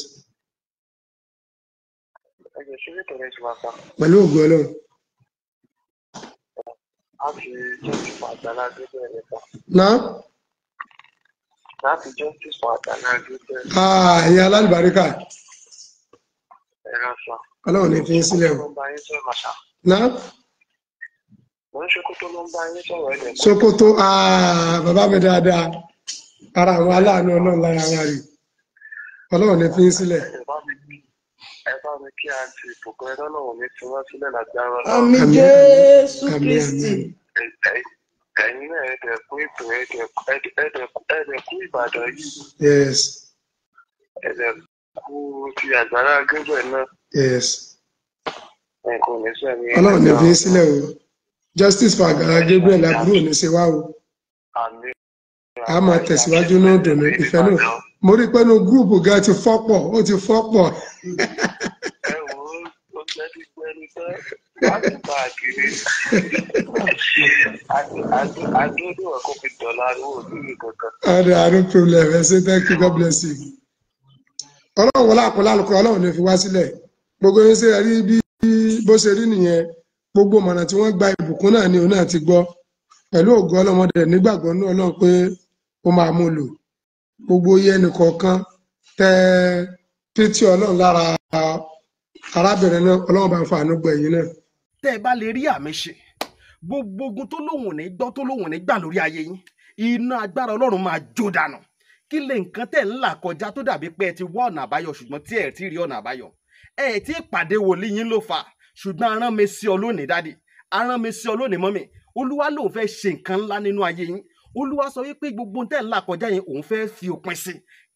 pẹ̀lú ògùn ọlọ́run láti jọ́sí fún àgbàlá gbẹgbẹ rẹ pa. náà. láti jọ́sí fún àgbàlá gbẹgbẹ rẹ. ẹ̀yin alálùbáríkà. ẹ ràn sá. ọlọ́run ní fi ń sílẹ̀ o. náà. mo ń ṣòkòtò ló ń ah, bàbá mi dáadáa ara àwọn aláàánú ọlọ́run lára wa rè ọlọ́run ní fi ń sílẹ̀ ẹ bá mi kí àǹtí ìbùkún ẹ̀rọ náà ní tí sílẹ̀ lágbára àmì jésù kristi. ẹ̀yin náà ẹ̀dẹ̀kú ìbò ẹ̀dẹ̀kú ìbàdàn yìí. ẹ̀dẹ̀kú ti àgbàrá gébẹ̀ náà. nǹkan ò ní sẹ́ni. ọlọ́run ní fi sílẹ̀ o justice for àgbàrá gabriel àbúrò ní ṣe wá o a máa tẹ̀síwájú náà dùnú ìfẹ́ náà mo rí pé nu gúrùpù gan ti fọ́pọ̀ ó ti fọ́pọ̀. àtúntò àkèrè àdúró wà kó fi dọ̀là ariwo òdúró kankan. ọ̀dọ̀ àrùn problem I ṣe thank you God bless you. ọlọ́run wọlé àpọ̀lá àlùkò ọlọ́run ló fi wá sílẹ̀ gbogbo yín ṣe rí bí bó ṣe rí nìyẹn gbogbo mọ̀nà tí wọ́n gba ìbùkún náà ni òun náà ti gbọ́ pẹ̀lú ògo ọlọ́mọdé nígbàgbọ́ ní ọlọ́run pé ó máa mú lò gbogbo yẹn nìkọ̀ọ̀kan tẹ pítí ọlọ́run lára arábìnrin náà ọlọ́run bá ń fa àánú gbọ́ ẹ̀yin náà. tẹ́ ẹ bá lè rí àmì ṣe gbogbo ogun tó lóhùn ní gbọ́ tó lóhùn ní gbà lórí ayé yín iná agbára ọlọ́run máa jó dànù kí lè nǹkan tẹ̀ ń là kọjá tó dàbí pé ẹ ti wá ọ̀nà àbáyọ ṣùgbọ́n tí ẹ ti rí ọ̀nà àbáyọ ẹ ti pàdé wòlíì yín ló fà ṣùgbọ́n arán mi sí ọ lónìí dádì arán mi sí ọ lónìí mọ́mì olúwa lòun fẹ́ ṣe nǹkan ńlá nínú ayé yín olúwa sọ wípé gbogbo tẹ̀ ń là kọjá yẹn òun fẹ́ fi òpin sí i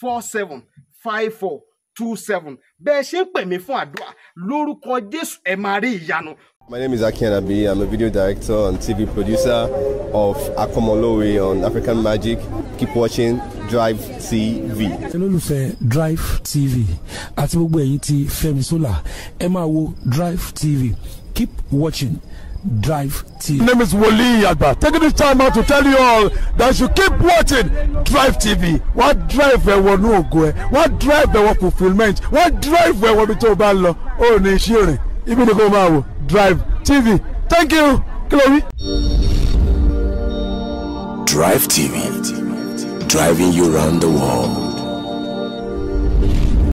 four seven five four two seven bẹ́ẹ̀ ṣe ń pè mí fún àdúrà lórúkọ Jésù ẹ máa rí ìyanu. My name is Aki Anabi. I'm a video director and TV producer of Akomolowe on African Magic. Keep watching Drive TV. olólùfẹ́ Drive TV àti gbogbo ẹ̀yin ti Fẹ́mi Sola ẹ máa wo Drive TV. Keep watching. Drive TV. My name is Wole Agba taking this time out to tell you all that you keep watching Drive TV wá drive ẹ̀wọ̀ ní ògo ẹ̀ wá drive ẹ̀wọ̀ fulfilment wá drive ẹ̀wọ̀ bí tó o bá lọ ó ní iṣẹ́ òrìn ibi ní kò máa wò Drive TV thank you kí Drive TV driving you round the world.